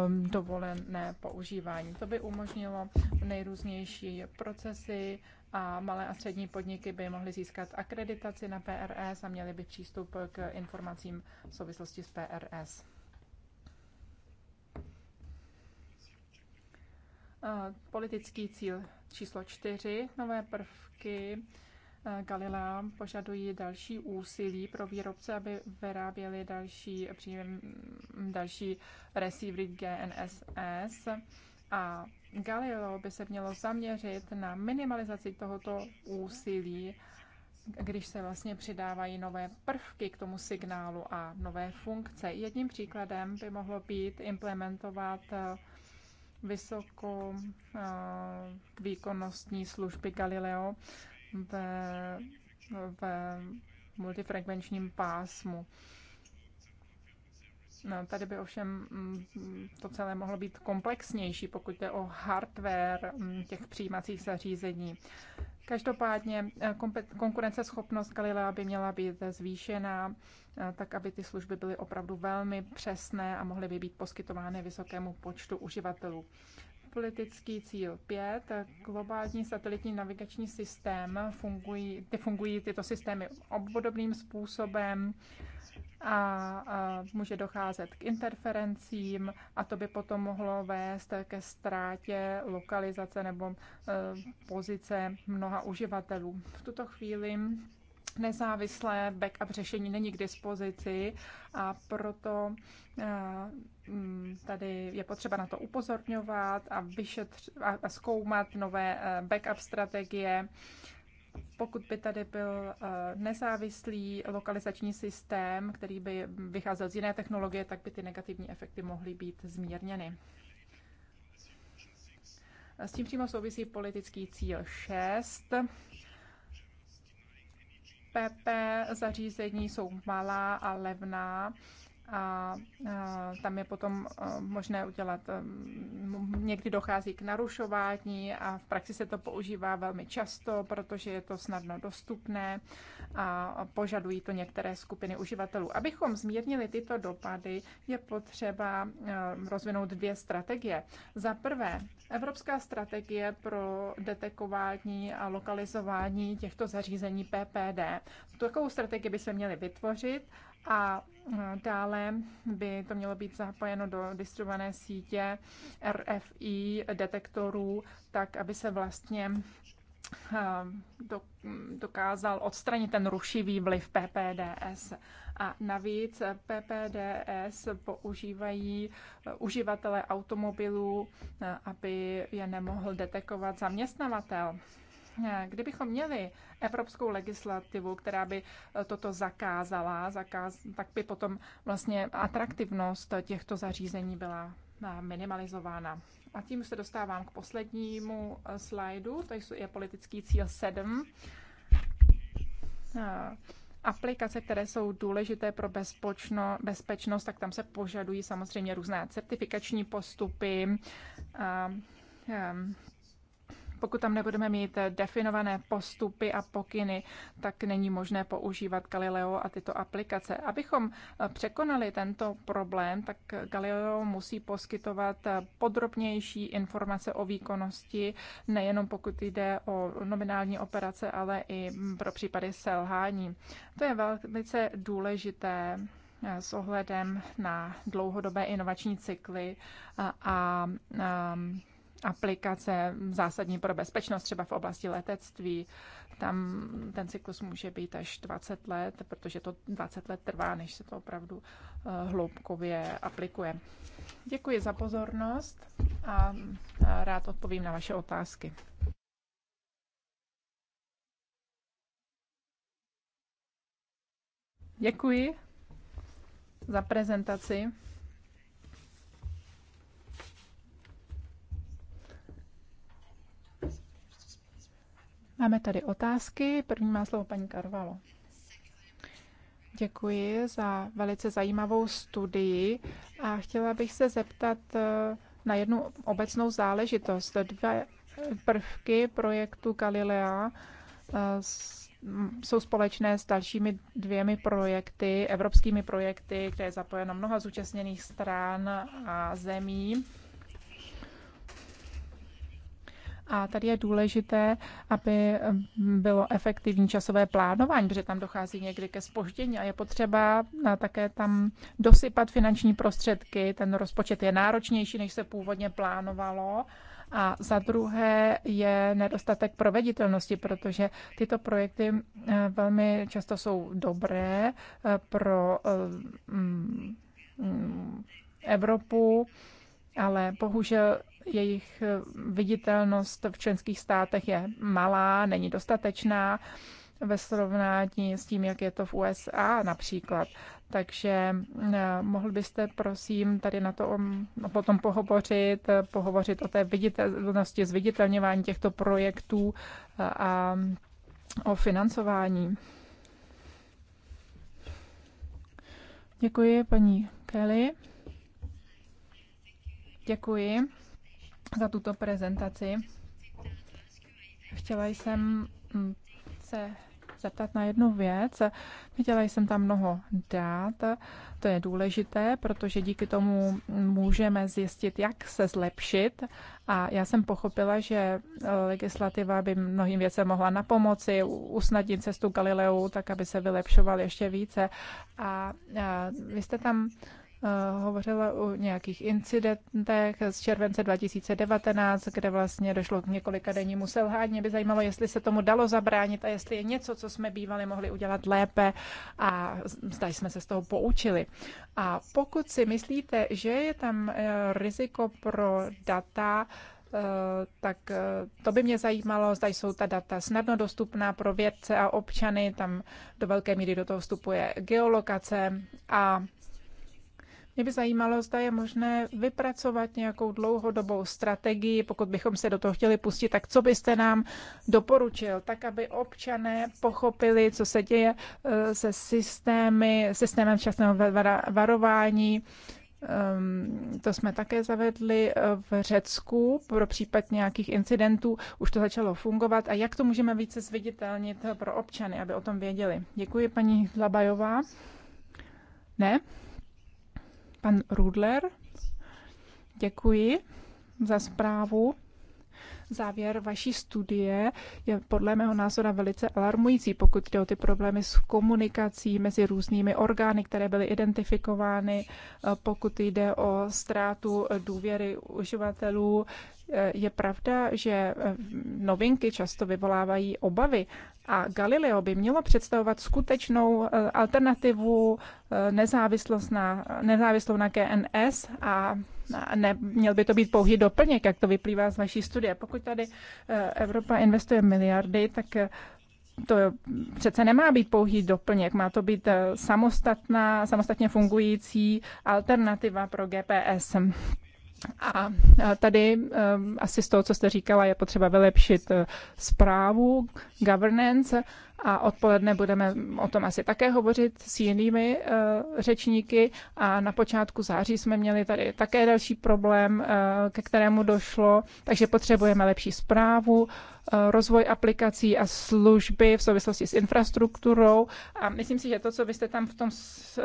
um, dovolené používání. To by umožnilo nejrůznější procesy a malé a střední podniky by mohly získat akreditaci na PRS a měly by přístup k informacím v souvislosti s PRS. Eh, politický cíl číslo čtyři, nové prvky eh, Galilea požadují další úsilí pro výrobce, aby vyráběli další, příjem, mm, další receivery GNSS a Galileo by se mělo zaměřit na minimalizaci tohoto úsilí, když se vlastně přidávají nové prvky k tomu signálu a nové funkce. Jedním příkladem by mohlo být implementovat eh, vysokou eh, výkonnostní služby Galileo ve, ve multifrekvenčním pásmu. No, tady by ovšem mm, to celé mohlo být komplexnější, pokud jde o hardware mm, těch přijímacích zařízení. Každopádně eh, konkurenceschopnost Galilea by měla být zvýšená, eh, tak aby ty služby byly opravdu velmi přesné a mohly by být poskytovány vysokému počtu uživatelů politický cíl 5, globální satelitní navigační systém, fungují, ty fungují tyto systémy obdobným způsobem a, a může docházet k interferencím a to by potom mohlo vést ke ztrátě lokalizace nebo e, pozice mnoha uživatelů. V tuto chvíli nezávislé backup řešení není k dispozici a proto e, Mm, tady je potřeba na to upozorňovat a, vyšetř, a, a zkoumat nové eh, backup strategie. Pokud by tady byl eh, nezávislý lokalizační systém, který by vycházel z jiné technologie, tak by ty negativní efekty mohly být zmírněny. S tím přímo souvisí politický cíl 6. PP zařízení jsou malá a levná a tam je potom možné udělat, někdy dochází k narušování a v praxi se to používá velmi často, protože je to snadno dostupné a požadují to některé skupiny uživatelů. Abychom zmírnili tyto dopady, je potřeba rozvinout dvě strategie. Za prvé, Evropská strategie pro detekování a lokalizování těchto zařízení PPD. Takovou strategii by se měly vytvořit a e, dále by to mělo být zapojeno do distribuované sítě RFI detektorů, tak aby se vlastně e, dokázal odstranit ten rušivý vliv PPDS. A navíc PPDS používají e, uživatelé automobilů, aby je nemohl detekovat zaměstnavatel. Eh, kdybychom měli evropskou legislativu, která by eh, toto zakázala, zakáz, tak by potom vlastně atraktivnost těchto zařízení byla eh, minimalizována. A tím se dostávám k poslednímu slajdu, to je politický cíl 7. Aplikace, které jsou důležité pro bezpočno, bezpečnost, tak tam se požadují samozřejmě různé certifikační postupy. A, a, pokud tam nebudeme mít definované postupy a pokyny, tak není možné používat Galileo a tyto aplikace. Abychom eh, překonali tento problém, tak Galileo musí poskytovat eh, podrobnější informace o výkonnosti, nejenom pokud jde o nominální operace, ale i mm, pro případy selhání. To je velice důležité eh, s ohledem na dlouhodobé inovační cykly a, a, a aplikace zásadní pro bezpečnost, třeba v oblasti letectví. Tam ten cyklus může být až 20 let, protože to 20 let trvá, než se to opravdu eh, hloubkově aplikuje. Děkuji za pozornost a rád odpovím na vaše otázky. Děkuji za prezentaci. Máme tady otázky. První má slovo paní Karvalo. Děkuji za velice zajímavou studii a chtěla bych se zeptat eh, na jednu obecnou záležitost. Dva prvky projektu Galilea eh, jsou společné s dalšími dvěmi projekty, evropskými projekty, kde je zapojeno mnoha zúčastněných stran a zemí. A tady je důležité, aby bylo efektivní časové plánování, protože tam dochází někdy ke spoždění a je potřeba eh, také tam dosypat finanční prostředky. Ten rozpočet je náročnější, než se původně plánovalo. A za druhé je nedostatek proveditelnosti, protože tyto projekty eh, velmi často jsou dobré eh, pro mm, mm, Evropu, ale bohužel jejich eh, viditelnost v členských státech je malá, není dostatečná ve srovnání s tím, jak je to v USA například. Takže eh, mohl byste, prosím, tady na to potom pohovořit, eh, pohovořit o té viditelnosti, zviditelňování těchto projektů a o financování. Děkuji, paní Kelly. Děkuji za tuto prezentaci. Chtěla jsem hm, se zeptat na jednu věc. Viděla jsem tam mnoho dát. To je důležité, protože díky tomu můžeme zjistit, jak se zlepšit. A já jsem pochopila, že eh, legislativa by mnohým věcem mohla na pomoci, usnadnit cestu Galileu, tak aby se vylepšoval ještě více. A eh, vy jste tam Eh, hovořila o nějakých incidentech z července 2019, kde vlastně došlo k několika dennímu selhání. Mě by zajímalo, jestli se tomu dalo zabránit a jestli je něco, co jsme bývali mohli udělat lépe a zda jsme se z toho poučili. A pokud si myslíte, že je tam eh, riziko pro data, eh, tak to by mě zajímalo, zda jsou ta data snadno dostupná pro vědce a občany, tam do velké míry do toho vstupuje geolokace a mě by zajímalo, zda je možné vypracovat nějakou dlouhodobou strategii, pokud bychom se do toho chtěli pustit, tak co byste nám doporučil, tak aby občané pochopili, co se děje eh, se systémy, systémem včasného varování, ehm, to jsme také zavedli eh, v Řecku pro případ nějakých incidentů. Už to začalo fungovat. A jak to můžeme více zviditelnit pro občany, aby o tom věděli? Děkuji, paní Labajová. Ne? Pan Rudler, děkuji za zprávu. Závěr vaší studie je podle mého názoru velice alarmující, pokud jde o ty problémy s komunikací mezi různými orgány, které byly identifikovány, eh, pokud jde o ztrátu eh, důvěry uživatelů Eh, je pravda, že eh, novinky často vyvolávají obavy a Galileo by mělo představovat skutečnou eh, alternativu nezávislost na, nezávislou na GNS a ne, měl by to být pouhý doplněk, jak to vyplývá z vaší studie. Pokud tady Evropa investuje miliardy, tak to přece nemá být pouhý doplněk, má to být samostatná, samostatně fungující alternativa pro GPS. A tady ehm, asi z toho, co jste říkala, je potřeba vylepšit zprávu, eh, governance a odpoledne budeme o tom asi také hovořit s jinými uh, řečníky a na počátku září jsme měli tady také další problém, uh, ke kterému došlo, takže potřebujeme lepší zprávu, uh, eh, rozvoj aplikací a služby v souvislosti s infrastrukturou a myslím si, že to, co vy jste tam v tom,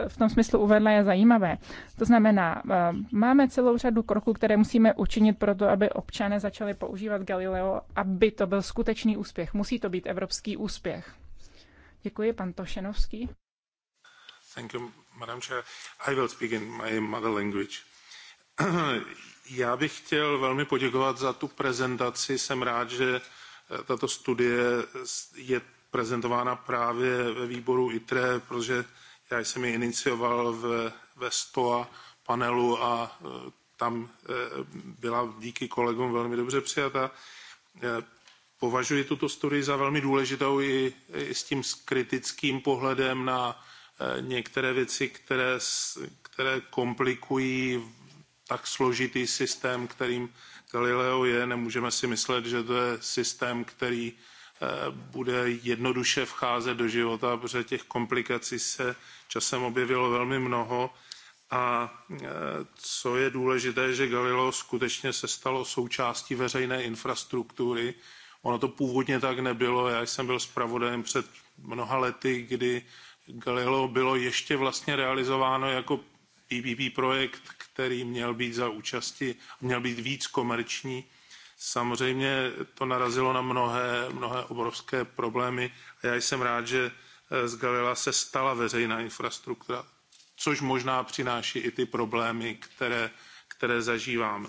v tom smyslu uvedla, je zajímavé. To znamená, uh, máme celou řadu kroků, které musíme učinit pro to, aby občané začali používat Galileo, aby to byl skutečný úspěch. Musí to být evropský úspěch. Děkuji, pan Tošenovský. Thank you, Madam Chair. I will speak in my mother language. [CLEARS THROAT] Já bych chtěl velmi poděkovat za tu prezentaci. Jsem rád, že eh, tato studie je prezentována právě ve výboru ITRE, protože já jsem ji inicioval ve, ve STOA panelu a eh, tam eh, byla díky kolegům velmi dobře přijata. Považuji tuto studii za velmi důležitou i, i s tím kritickým pohledem na eh, některé věci, které, které komplikují tak složitý systém, kterým Galileo je. Nemůžeme si myslet, že to je systém, který eh, bude jednoduše vcházet do života, protože těch komplikací se časem objevilo velmi mnoho. A eh, co je důležité, že Galileo skutečně se stalo součástí veřejné infrastruktury, Ono to původně tak nebylo. Já jsem byl zpravodajem před mnoha lety, kdy Galileo bylo ještě vlastně realizováno jako PPP projekt, který měl být za účasti, měl být víc komerční. Samozřejmě to narazilo na mnohé, mnohé obrovské problémy a já jsem rád, že eh, z Galila se stala veřejná infrastruktura, což možná přináší i ty problémy, které, které zažíváme.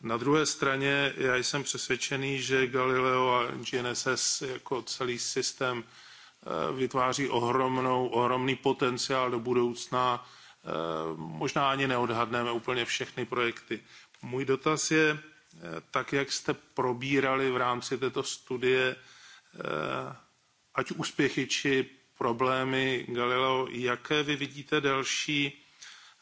Na druhé straně já jsem přesvědčený, že Galileo a GNSS jako celý systém eh, vytváří ohromnou, ohromný potenciál do budoucna. Eh, možná ani neodhadneme úplně všechny projekty. Můj dotaz je, eh, tak jak jste probírali v rámci této studie, ať úspěchy či problémy Galileo, jaké vy vidíte další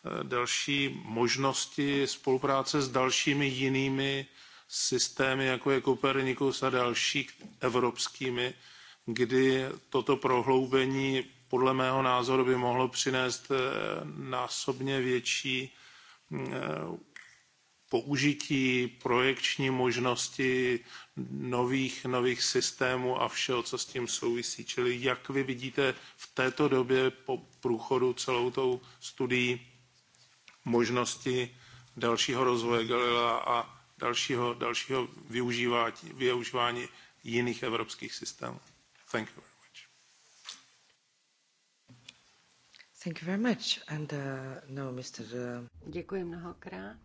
Eh, další možnosti spolupráce s dalšími jinými systémy, jako je Copernicus a další evropskými, kdy toto prohloubení podle mého názoru by mohlo přinést eh, násobně větší eh, použití, projekční možnosti nových, nových systémů a všeho, co s tím souvisí. Čili jak vy vidíte v této době po průchodu celou tou studií možnosti dalšího rozvoje Galilea a dalšího, dalšího využívání, využívání jiných evropských systémů. Thank you very much. Thank you very much. And uh, no, Mr. Uh, děkuji mnohokrát.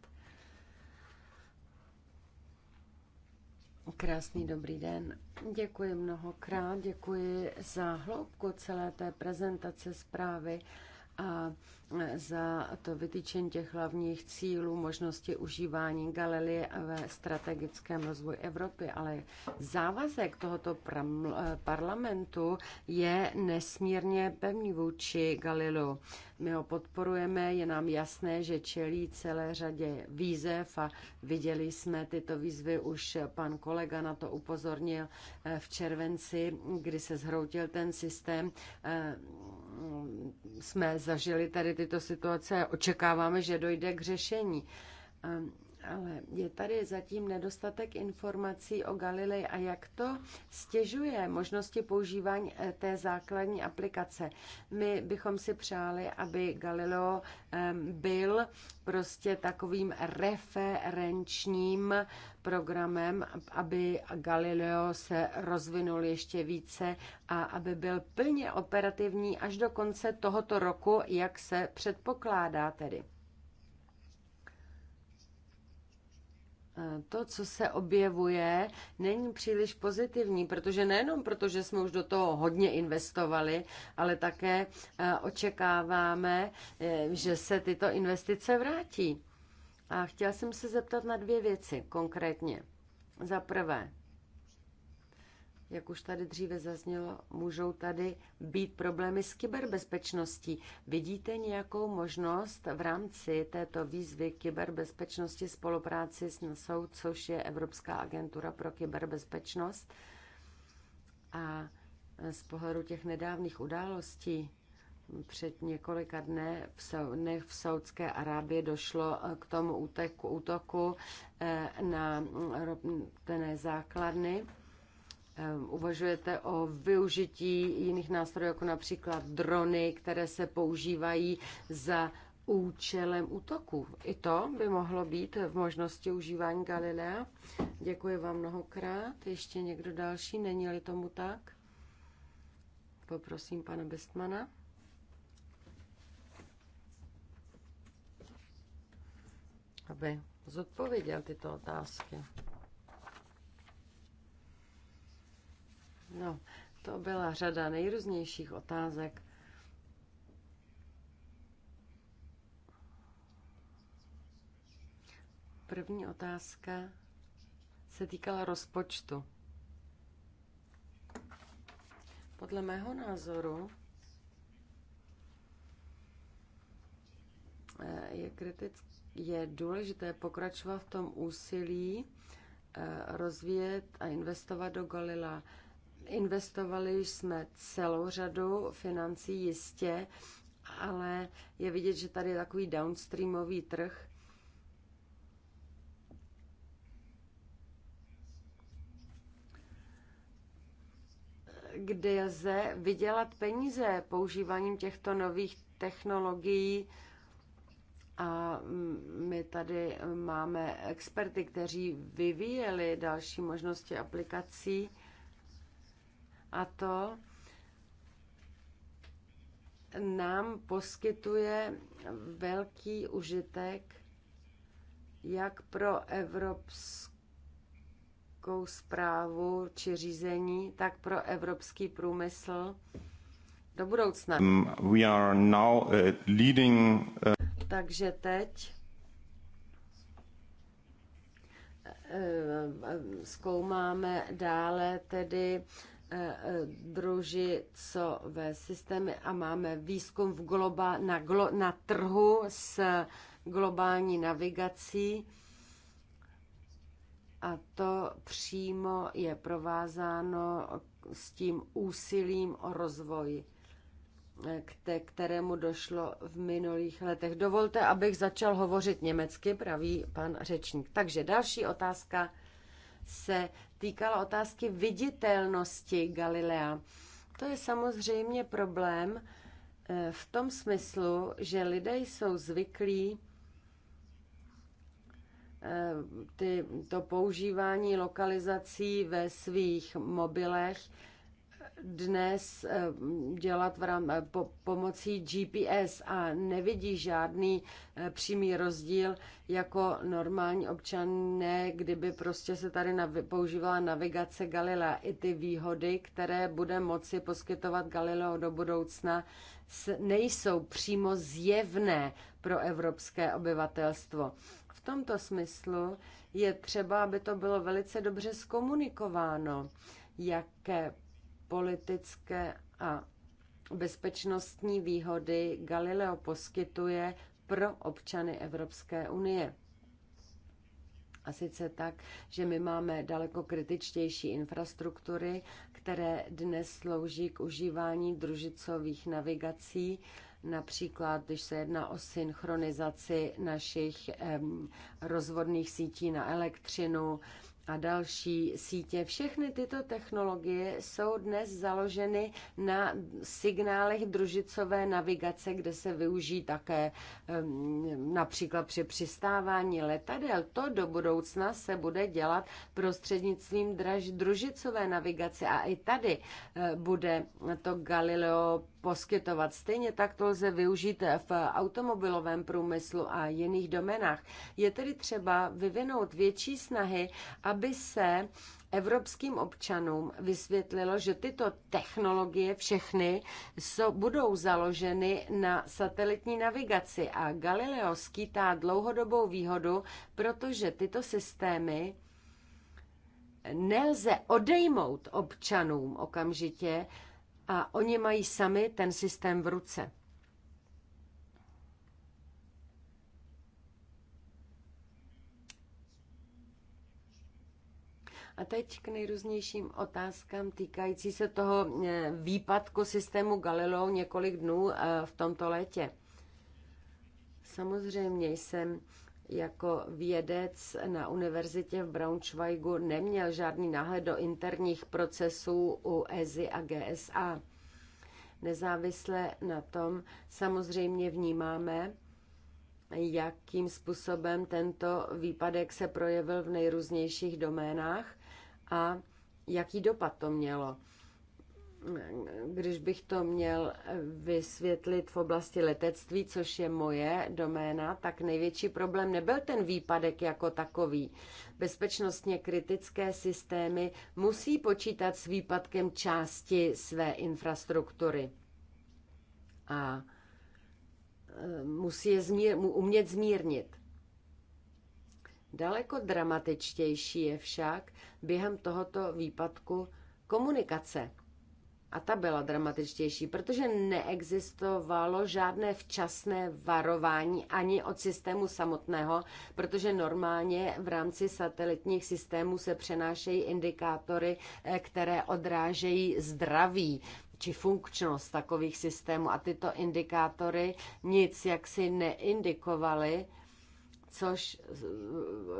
Krásný dobrý den. Děkuji mnohokrát, děkuji za hloubku celé té prezentace zprávy a e, za to vytýčení těch hlavních cílů, možnosti užívání Galilie ve strategickém rozvoji Evropy, ale závazek tohoto e, parlamentu je nesmírně pevný vůči Galilu. My ho podporujeme, je nám jasné, že čelí celé řadě výzev a viděli jsme tyto výzvy, už pan kolega na to upozornil e, v červenci, kdy se zhroutil ten systém jsme zažili tady tyto situace a očekáváme, že dojde k řešení. Ehm, ale je tady zatím nedostatek informací o Galilei a jak to stěžuje možnosti používání eh, té základní aplikace. My bychom si přáli, aby Galileo byl prostě takovým referenčním programem, aby Galileo se rozvinul ještě více a aby byl plně operativní až do konce tohoto roku, jak se předpokládá tedy. to, co se objevuje, není příliš pozitivní, protože nejenom proto, že jsme už do toho hodně investovali, ale také eh, očekáváme, eh, že se tyto investice vrátí. A chtěla jsem se zeptat na dvě věci konkrétně. Za prvé, jak už tady dříve zaznělo, můžou tady být problémy s kyberbezpečností. Vidíte nějakou možnost v rámci této výzvy kyberbezpečnosti spolupráci s NSO, což je Evropská agentura pro kyberbezpečnost? A z pohledu těch nedávných událostí před několika dny v, Sou, dny v Saudské Arábii došlo eh, k tomu útoku, útoku eh, na ropné základny Ehm, uvažujete o využití jiných nástrojů, jako například drony, které se používají za účelem útoku. I to by mohlo být v možnosti užívání Galilea. Děkuji vám mnohokrát. Ještě někdo další? Není-li tomu tak? Poprosím pana Bestmana. aby zodpověděl tyto otázky. No, to byla řada nejrůznějších otázek. První otázka se týkala rozpočtu. Podle mého názoru eh, je, kritick, je důležité pokračovat v tom úsilí eh, rozvíjet a investovat do Galila. Investovali jsme celou řadu financí jistě, ale je vidět, že tady je takový downstreamový trh, kde lze vydělat peníze používáním těchto nových technologií. A my tady máme experty, kteří vyvíjeli další možnosti aplikací a to nám poskytuje velký užitek jak pro evropskou zprávu či řízení, tak pro evropský průmysl do budoucna. Um, we are now, uh, leading, uh... Takže teď eh, eh, zkoumáme dále tedy E, e, co ve systémy a máme výzkum v globa, na, glo, na trhu s globální navigací a to přímo je provázáno s tím úsilím o rozvoj, e, kterému došlo v minulých letech. Dovolte, abych začal hovořit německy, praví pan řečník. Takže další otázka se týkala otázky viditelnosti Galilea. To je samozřejmě problém eh, v tom smyslu, že lidé jsou zvyklí eh, ty, to používání lokalizací ve svých mobilech dnes eh, dělat v rám, eh, po, pomocí GPS a nevidí žádný eh, přímý rozdíl jako normální občané, kdyby prostě se tady nav, používala navigace Galilea. I ty výhody, které bude moci poskytovat Galileo do budoucna, nejsou přímo zjevné pro evropské obyvatelstvo. V tomto smyslu je třeba, aby to bylo velice dobře zkomunikováno, jaké politické a bezpečnostní výhody Galileo poskytuje pro občany Evropské unie. A sice tak, že my máme daleko kritičtější infrastruktury, které dnes slouží k užívání družicových navigací, například když se jedná o synchronizaci našich rozvodných sítí na elektřinu, a další sítě. Všechny tyto technologie jsou dnes založeny na signálech družicové navigace, kde se využijí také například při přistávání letadel. To do budoucna se bude dělat prostřednictvím draž, družicové navigace a i tady eh, bude to Galileo poskytovat. Stejně tak to lze využít v automobilovém průmyslu a jiných domenách. Je tedy třeba vyvinout větší snahy, a aby se evropským občanům vysvětlilo, že tyto technologie všechny jsou, budou založeny na satelitní navigaci a Galileo skýtá dlouhodobou výhodu, protože tyto systémy nelze odejmout občanům okamžitě a oni mají sami ten systém v ruce. A teď k nejrůznějším otázkám týkající se toho eh, výpadku systému Galileo několik dnů eh, v tomto létě. Samozřejmě jsem jako vědec na univerzitě v Braunschweigu neměl žádný náhled do interních procesů u EZI a GSA. Nezávisle na tom samozřejmě vnímáme, jakým způsobem tento výpadek se projevil v nejrůznějších doménách a jaký dopad to mělo. Když bych to měl vysvětlit v oblasti letectví, což je moje doména, tak největší problém nebyl ten výpadek jako takový. Bezpečnostně kritické systémy musí počítat s výpadkem části své infrastruktury. A e, musí je zmír, umět zmírnit. Daleko dramatičtější je však během tohoto výpadku komunikace. A ta byla dramatičtější, protože neexistovalo žádné včasné varování ani od systému samotného, protože normálně v rámci satelitních systémů se přenášejí indikátory, eh, které odrážejí zdraví či funkčnost takových systémů a tyto indikátory nic jaksi neindikovaly, což eh,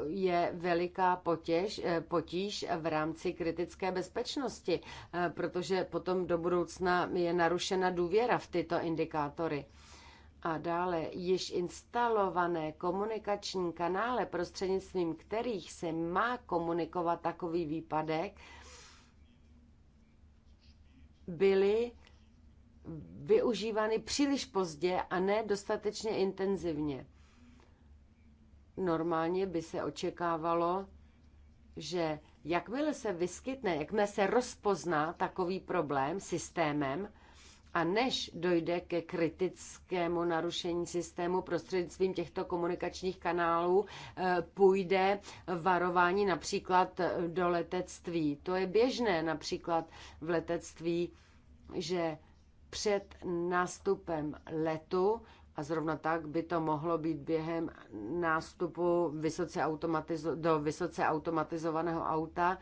je veliká potěž, eh, potíž v rámci kritické bezpečnosti, eh, protože potom do budoucna je narušena důvěra v tyto indikátory. A dále již instalované komunikační kanály, prostřednictvím kterých se má komunikovat takový výpadek, byly využívány příliš pozdě a ne dostatečně intenzivně normálně by se očekávalo, že jakmile se vyskytne, jakmile se rozpozná takový problém systémem, a než dojde ke kritickému narušení systému prostřednictvím těchto komunikačních kanálů, eh, půjde varování například eh, do letectví. To je běžné například v letectví, že před nástupem letu a zrovna tak by to mohlo být během nástupu vysoce do vysoce automatizovaného auta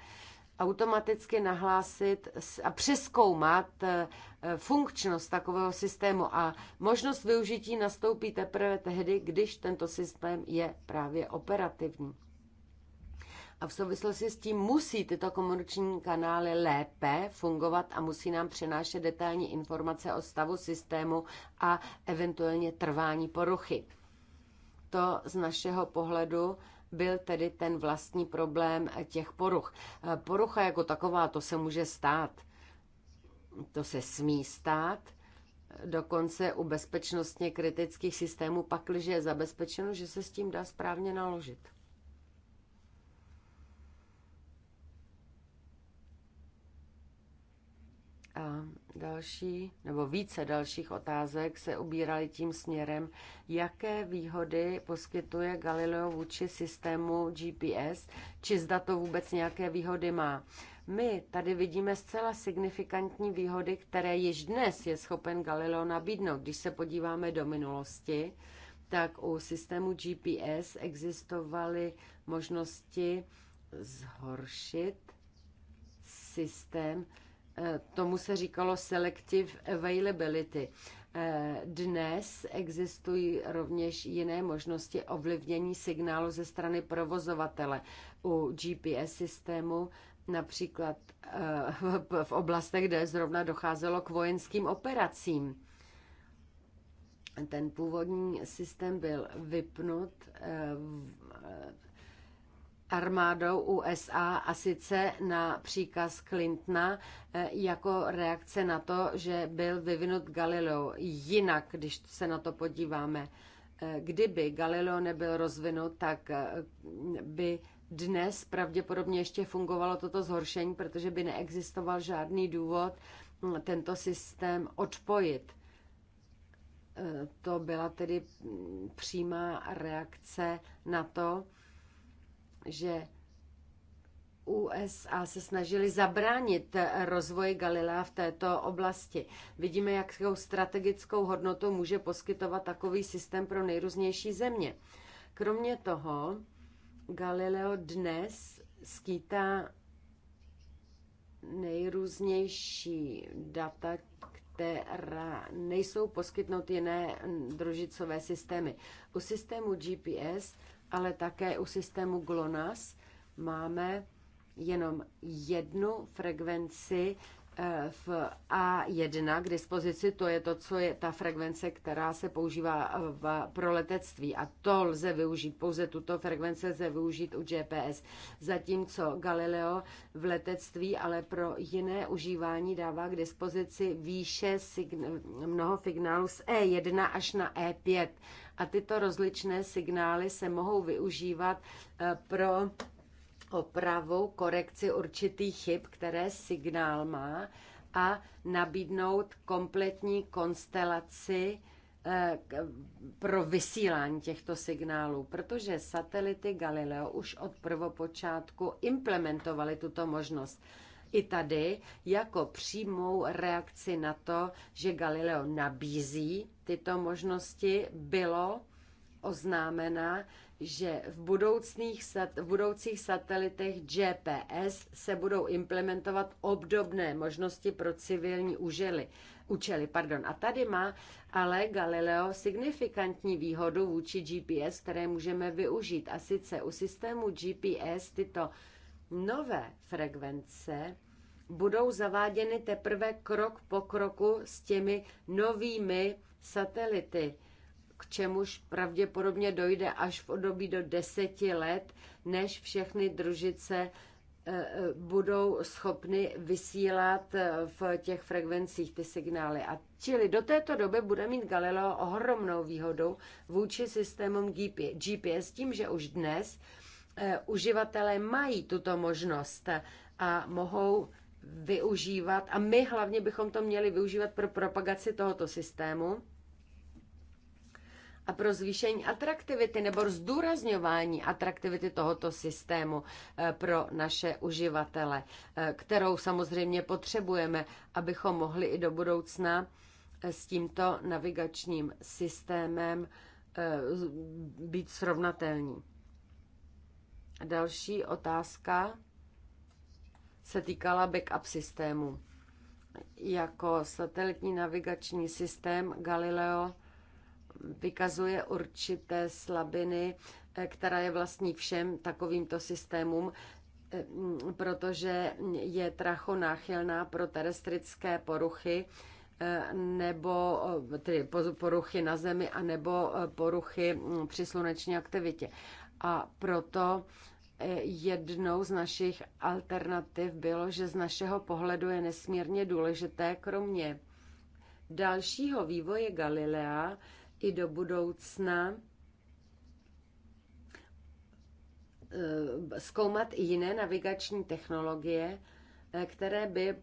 automaticky nahlásit a přeskoumat eh, funkčnost takového systému a možnost využití nastoupí teprve tehdy, když tento systém je právě operativní. A v souvislosti s tím musí tyto komunikační kanály lépe fungovat a musí nám přenášet detailní informace o stavu systému a eventuálně trvání poruchy. To z našeho pohledu byl tedy ten vlastní problém těch poruch. Porucha jako taková, to se může stát. To se smí stát. Dokonce u bezpečnostně kritických systémů pakliže je zabezpečeno, že se s tím dá správně naložit. další, nebo více dalších otázek se ubíraly tím směrem, jaké výhody poskytuje Galileo vůči systému GPS, či zda to vůbec nějaké výhody má. My tady vidíme zcela signifikantní výhody, které již dnes je schopen Galileo nabídnout. Když se podíváme do minulosti, tak u systému GPS existovaly možnosti zhoršit systém Tomu se říkalo selective availability. Eh, dnes existují rovněž jiné možnosti ovlivnění signálu ze strany provozovatele. U GPS systému například eh, [LAUGHS] v oblastech, kde zrovna docházelo k vojenským operacím. Ten původní systém byl vypnut eh, armádou USA a sice na příkaz Clintona eh, jako reakce na to, že byl vyvinut Galileo. Jinak, když se na to podíváme, eh, kdyby Galileo nebyl rozvinut, tak eh, by dnes pravděpodobně ještě fungovalo toto zhoršení, protože by neexistoval žádný důvod hm, tento systém odpojit. To byla tedy hm, přímá reakce na to, že USA se snažili zabránit rozvoji Galilea v této oblasti. Vidíme, jakou strategickou hodnotu může poskytovat takový systém pro nejrůznější země. Kromě toho, Galileo dnes skýtá nejrůznější data, která nejsou poskytnout jiné družicové systémy. U systému GPS ale také u systému GLONASS máme jenom jednu frekvenci eh, v A1 k dispozici, to je to, co je ta frekvence, která se používá eh, v, pro letectví a to lze využít, pouze tuto frekvenci lze využít u GPS, zatímco Galileo v letectví, ale pro jiné užívání dává k dispozici výše sign- mnoho signálů z E1 až na E5 a tyto rozličné signály se mohou využívat eh, pro opravu, korekci určitých chyb, které signál má a nabídnout kompletní konstelaci eh, pro vysílání těchto signálů, protože satelity Galileo už od prvopočátku implementovaly tuto možnost. I tady jako přímou reakci na to, že Galileo nabízí tyto možnosti bylo oznámena, že v, budoucích, v budoucích satelitech GPS se budou implementovat obdobné možnosti pro civilní užely, účely. Pardon. A tady má ale Galileo signifikantní výhodu vůči GPS, které můžeme využít. A sice u systému GPS tyto nové frekvence budou zaváděny teprve krok po kroku s těmi novými satelity, k čemuž pravděpodobně dojde až v období do deseti let, než všechny družice eh, eh, budou schopny vysílat eh, v těch frekvencích ty signály. A čili do této doby bude mít Galileo ohromnou výhodu vůči systémům GPS tím, že už dnes uživatelé mají tuto možnost a mohou využívat, a my hlavně bychom to měli využívat pro propagaci tohoto systému, a pro zvýšení atraktivity nebo zdůrazňování atraktivity tohoto systému eh, pro naše uživatele, eh, kterou samozřejmě potřebujeme, abychom mohli i do budoucna eh, s tímto navigačním systémem být srovnatelní. Další otázka se týkala backup systému. Jako satelitní navigační systém Galileo vykazuje určité slabiny, eh, která je vlastní všem takovýmto systémům, eh, protože je náchylná pro terestrické poruchy eh, nebo tedy poruchy na zemi a nebo poruchy mm, při sluneční aktivitě. A proto jednou z našich alternativ bylo, že z našeho pohledu je nesmírně důležité, kromě dalšího vývoje Galilea, i do budoucna eh, zkoumat i jiné navigační technologie, eh, které by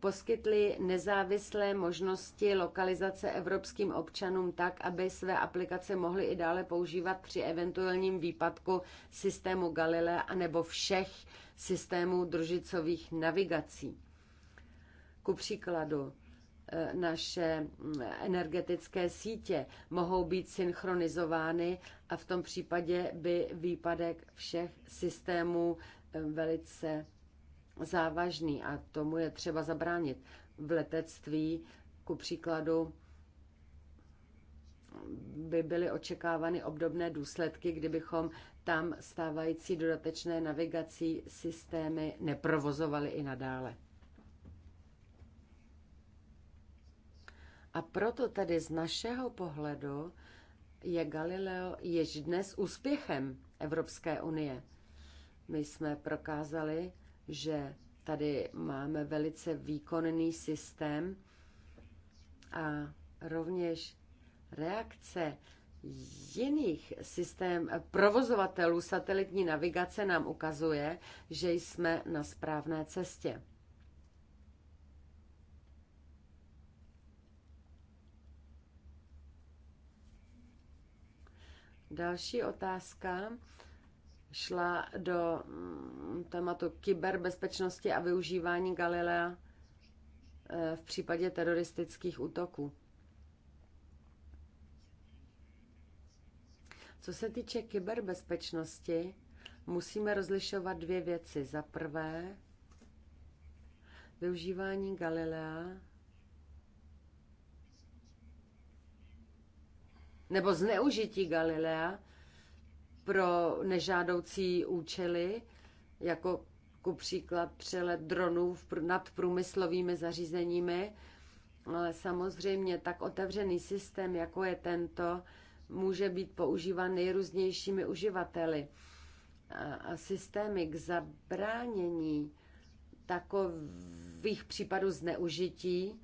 poskytly nezávislé možnosti lokalizace evropským občanům tak, aby své aplikace mohly i dále používat při eventuálním výpadku systému Galilea anebo všech systémů družicových navigací. Ku příkladu, Eh, naše mm, energetické sítě mohou být synchronizovány a v tom případě by výpadek všech systémů eh, velice závažný a tomu je třeba zabránit. V letectví, ku příkladu, by byly očekávány obdobné důsledky, kdybychom tam stávající dodatečné navigací systémy neprovozovali i nadále. A proto tedy z našeho pohledu je Galileo již dnes úspěchem Evropské unie. My jsme prokázali, že tady máme velice výkonný systém a rovněž reakce jiných systém provozovatelů satelitní navigace nám ukazuje, že jsme na správné cestě. Další otázka šla do mm, tématu kyberbezpečnosti a využívání Galilea eh, v případě teroristických útoků. Co se týče kyberbezpečnosti, musíme rozlišovat dvě věci. Za prvé, využívání Galilea nebo zneužití Galilea pro nežádoucí účely, jako ku příklad přelet dronů nad průmyslovými zařízeními, ale samozřejmě tak otevřený systém, jako je tento, může být používán nejrůznějšími uživateli. A systémy k zabránění takových případů zneužití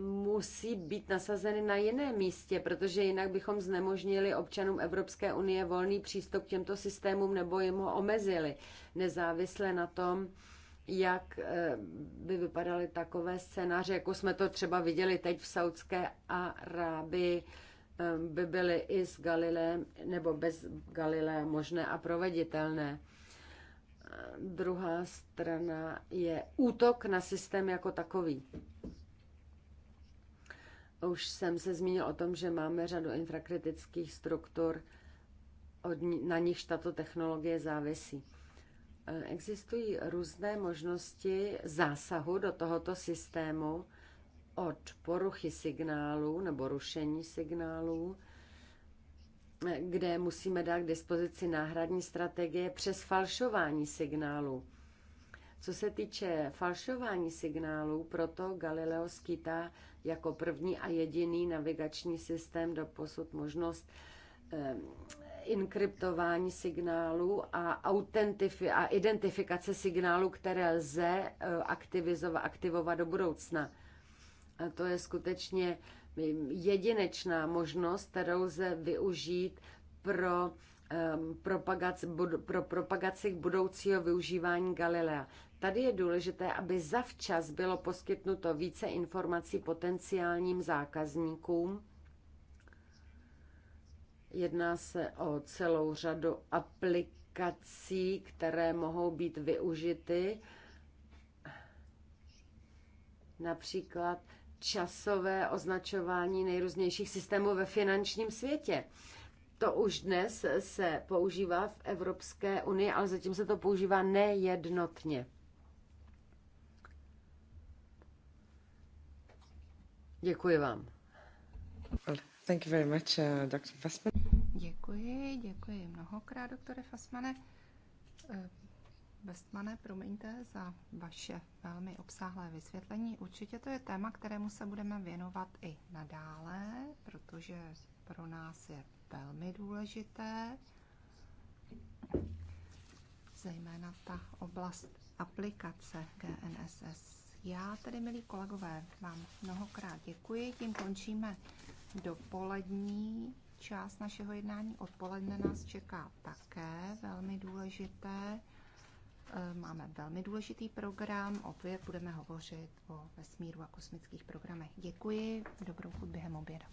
musí být nasazeny na jiném místě, protože jinak bychom znemožnili občanům Evropské unie volný přístup k těmto systémům nebo jim ho omezili, nezávisle na tom, jak eh, by vypadaly takové scénáře, jako jsme to třeba viděli teď v Saudské Arábii, eh, by byly i s Galileem nebo bez Galilea možné a proveditelné. Druhá strana je útok na systém jako takový. Už jsem se zmínil o tom, že máme řadu infrakritických struktur, od, na nichž tato technologie závisí. E, existují různé možnosti zásahu do tohoto systému od poruchy signálů nebo rušení signálů, e, kde musíme dát k dispozici náhradní strategie přes falšování signálů. Co se týče falšování signálů, proto Galileo skýtá jako první a jediný navigační systém do posud možnost inkryptování signálů a, autentifi- a identifikace signálů, které lze eh, aktivizovat, aktivovat do budoucna. A to je skutečně jedinečná možnost, kterou lze využít pro Um, propagac, bud, pro propagaci budoucího využívání Galilea. Tady je důležité, aby zavčas bylo poskytnuto více informací potenciálním zákazníkům. Jedná se o celou řadu aplikací, které mohou být využity. Například časové označování nejrůznějších systémů ve finančním světě. To už dnes se používá v Evropské unii, ale zatím se to používá nejednotně. Děkuji vám. Thank you very much, uh, Dr. Fassman. Děkuji, děkuji mnohokrát, doktore Fassmane. Vestmane, eh, promiňte za vaše velmi obsáhlé vysvětlení. Určitě to je téma, kterému se budeme věnovat i nadále, protože pro nás je velmi důležité, zejména ta oblast aplikace GNSS. Já tedy, milí kolegové, vám mnohokrát děkuji. Tím končíme dopolední část našeho jednání. Odpoledne nás čeká také velmi důležité. Eh, máme velmi důležitý program, opět budeme hovořit o vesmíru a kosmických programech. Děkuji, dobrou chuť během oběda.